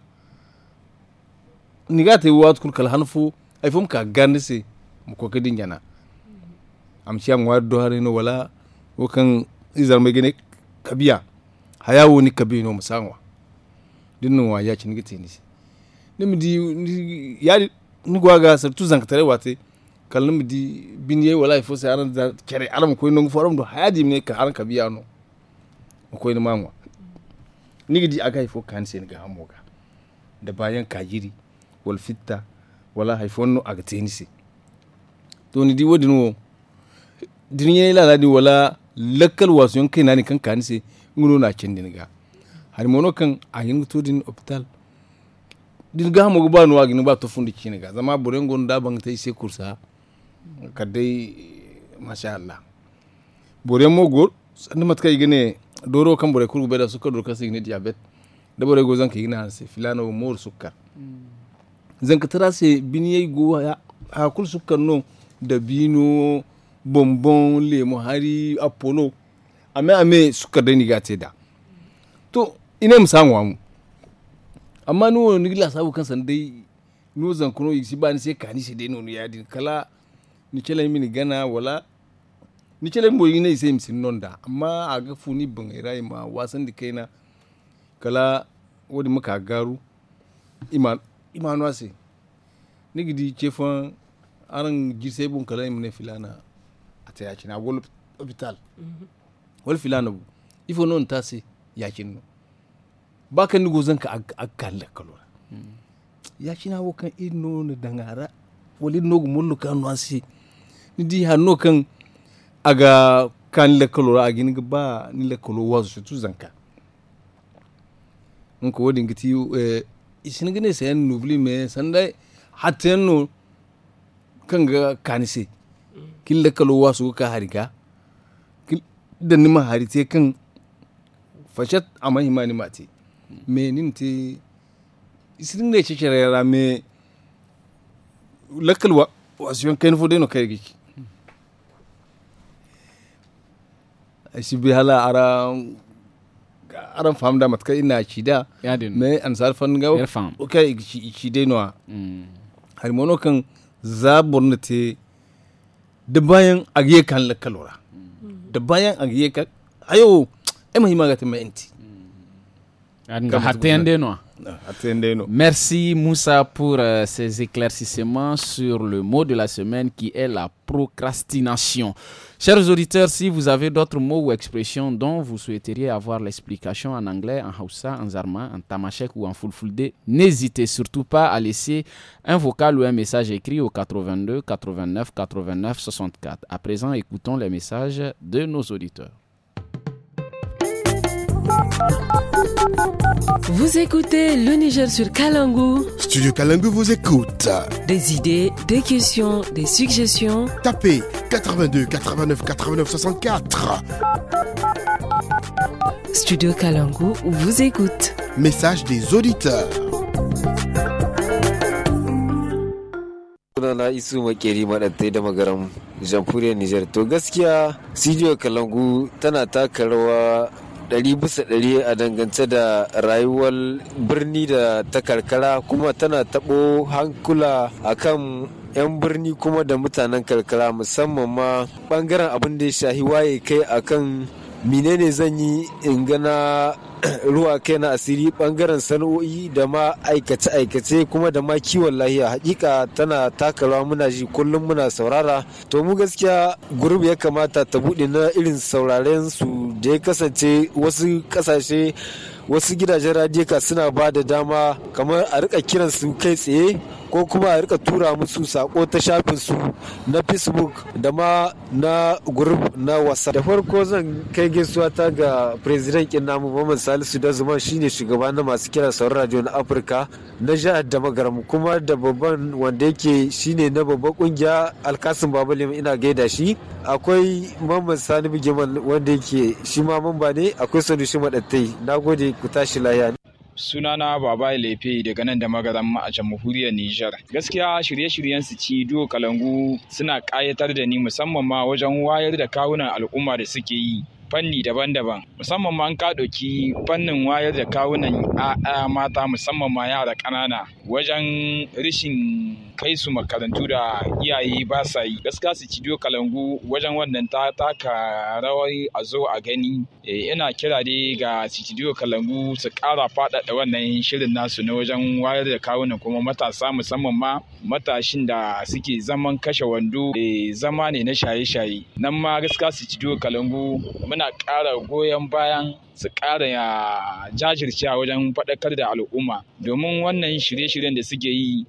ni gate watu kulu kala hanfu ay fum ka gande se mu ko kedin yana am am wadu harino wala wakan izar mai gine kabiya hayawo woni kabi no musanwa dinna wa ya ci ngite ni mi di ya ni gwa ga sartu zanka tare wate mi di binye wala fo sai aran da kere aram ko no forum do hayadi di ne ka aran kabiya no ko ni mamwa ni di aga fo kan ni ga ga da bayan kajiri wal fitta wala haifonno aga tenisi to ni di wodin wo din yela la di wala lakkal wasu yon kai ni kan kani se ngono na chen din ga hari mono kan a yin to din hospital din ga mo ba no agin ba to fundi chin ga zama bore ngon da bang tai se kursa kadai masha Allah bore mo gor san mat kai gane doro kan bore kurgu be da suka doro kan ne diabet da bore go zan kai gina se filano mor sukkar hmm. zan ka tara se biniyai go ha kul sukkar no da bino bonbon lemu hari apolo ame ame suka da ni gate da to ina mu samu amu amma ni gila sabu kan san dai no zan kuno yisi ba ni sai kani sai dai no ya din kala ni mi ni gana wala ni chele mo yi ne sai mi sin nonda amma a ga funi ban rai ma wasan da kaina kala wodi muka garu iman imanwa sai nigidi chefan aran girse kala imne filana ta yakin a wolf hospital mm-hmm. wolf filana bu ifo non ta se yakin no ba kan ni gozan ka akalla kalora mm. yakin a wokan inno na dangara wali nogu mullu kan no asi ni di hanno kan aga kan la kalora agin ba ni le kalo wazu tu zanka nko wodin giti eh isin gane sayan nubli me sandai hatenno kan ga kanise da kalowa su ka harika? da nima hari kan fashat a mahima ni mate me te isirin da ce shirera me lakalwa wa wasu yan kai nufo dai no kai giki shi bi hala ara aran fam da matka ina ci da me an sarfan ga okay ci ci dai no mm. mono kan zabur ne te da bayan agye kan la kalora da bayan agye kan ayo ai mahima ga ta mai anti mm. ga hatta yan no Ah, Merci Moussa pour euh, ces éclaircissements sur le mot de la semaine qui est la procrastination. Chers auditeurs, si vous avez d'autres mots ou expressions dont vous souhaiteriez avoir l'explication en anglais, en Hausa, en Zarma, en Tamashek ou en Fulfulde, n'hésitez surtout pas à laisser un vocal ou un message écrit au 82 89 89 64. À présent, écoutons les messages de nos auditeurs. Vous écoutez le Niger sur Kalangou. Studio Kalangu vous écoute. Des idées, des questions, des suggestions. Tapez 82 89 89 64. Studio Kalangou vous écoute. Message des auditeurs. sunana isu da magaram to studio kalangu tana taka ɗari bisa ɗari a dangance da rayuwar birni da ta karkara kuma tana taɓo hankula akan 'yan birni kuma da mutanen karkara musamman ma bangaren abin da ya shahi waye kai akan menene zan yi in gana *clears throat* ruwa kai na asiri bangaren sana'o'i da ma aikace-aikace kuma da ma kiwon lahiya hakika tana taka rawa muna ji kullum muna saurara to mu gaskiya gurub ya kamata ta bude na irin sauraren su da ya kasance wasu kasashe wasu gidajen radiyaka suna ba da dama kamar a rika kiransu kai tsaye ko kuma a rika tura musu sako ta shafin su na facebook da ma na group na wasa da farko zan kai gaisuwa ta ga president kin namu Muhammad Salisu da Zuma shine shugaba na masu kira sauran radio na Afirka na jihar da magaram kuma da babban wanda yake shine na babban kungiya Alkasim Babalima ina gaida shi akwai Muhammad Sani Bigiman wanda yake shi ma mamba ne akwai Sanusi Madattai nagode ku tashi lahiya sunana baba lefe daga nan da magaran a jamhuriyar Nijar. Gaskiya shirye-shiryen su ci do kalangu suna ƙayatar da ni musamman ma wajen wayar da kawunan al'umma da suke yi fanni daban-daban musamman ma an ka ɗauki fannin wayar da kawunan 'ya'ya mata musamman ma yara ƙanana wajen rishin kai su makarantu da iyaye ba sa yi gaskiya su kalangu wajen wannan ta taka rawar a zo a gani eh, ina kira dai ga cidiyo kalangu su kara faɗaɗa wannan shirin nasu na wajen wayar da kawunan kuma matasa musamman ma matashin da suke zaman kashe wando eh, zama ne na shaye-shaye nan ma gaskiya su kalangu muna ƙara goyon bayan su ƙara ah, jajircewa wajen faɗakar da al'umma domin wannan shirye-shiryen da suke yi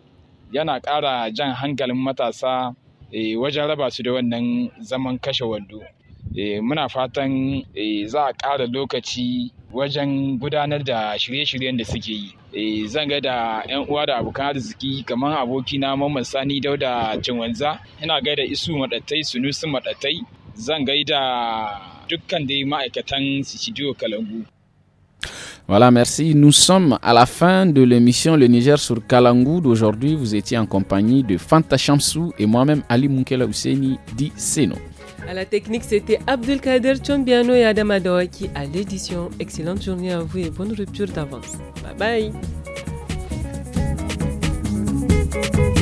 yana ƙara jan hankalin matasa eh, wajen raba su da wannan zaman kashe wando. Eh, muna fatan eh, za a ƙara lokaci wajen gudanar da shirye-shiryen da suke yi. Zan ga da 'yan uwa da abokan arziki kamar abokina Mamman Sani Dauda Cinwanza, ina gaida Isu Maɗattai, Sunusi maɗatai. zan gaida dukkan dai ma'aikatan sitidiyo Kalangu. Voilà, merci. Nous sommes à la fin de l'émission Le Niger sur Kalangou Aujourd'hui, Vous étiez en compagnie de Fanta Chamsou et moi-même Ali Moukela Ouseni dit Seno. À la technique, c'était Abdelkader Chombiano et Adam qui à l'édition. Excellente journée à vous et bonne rupture d'avance. Bye bye.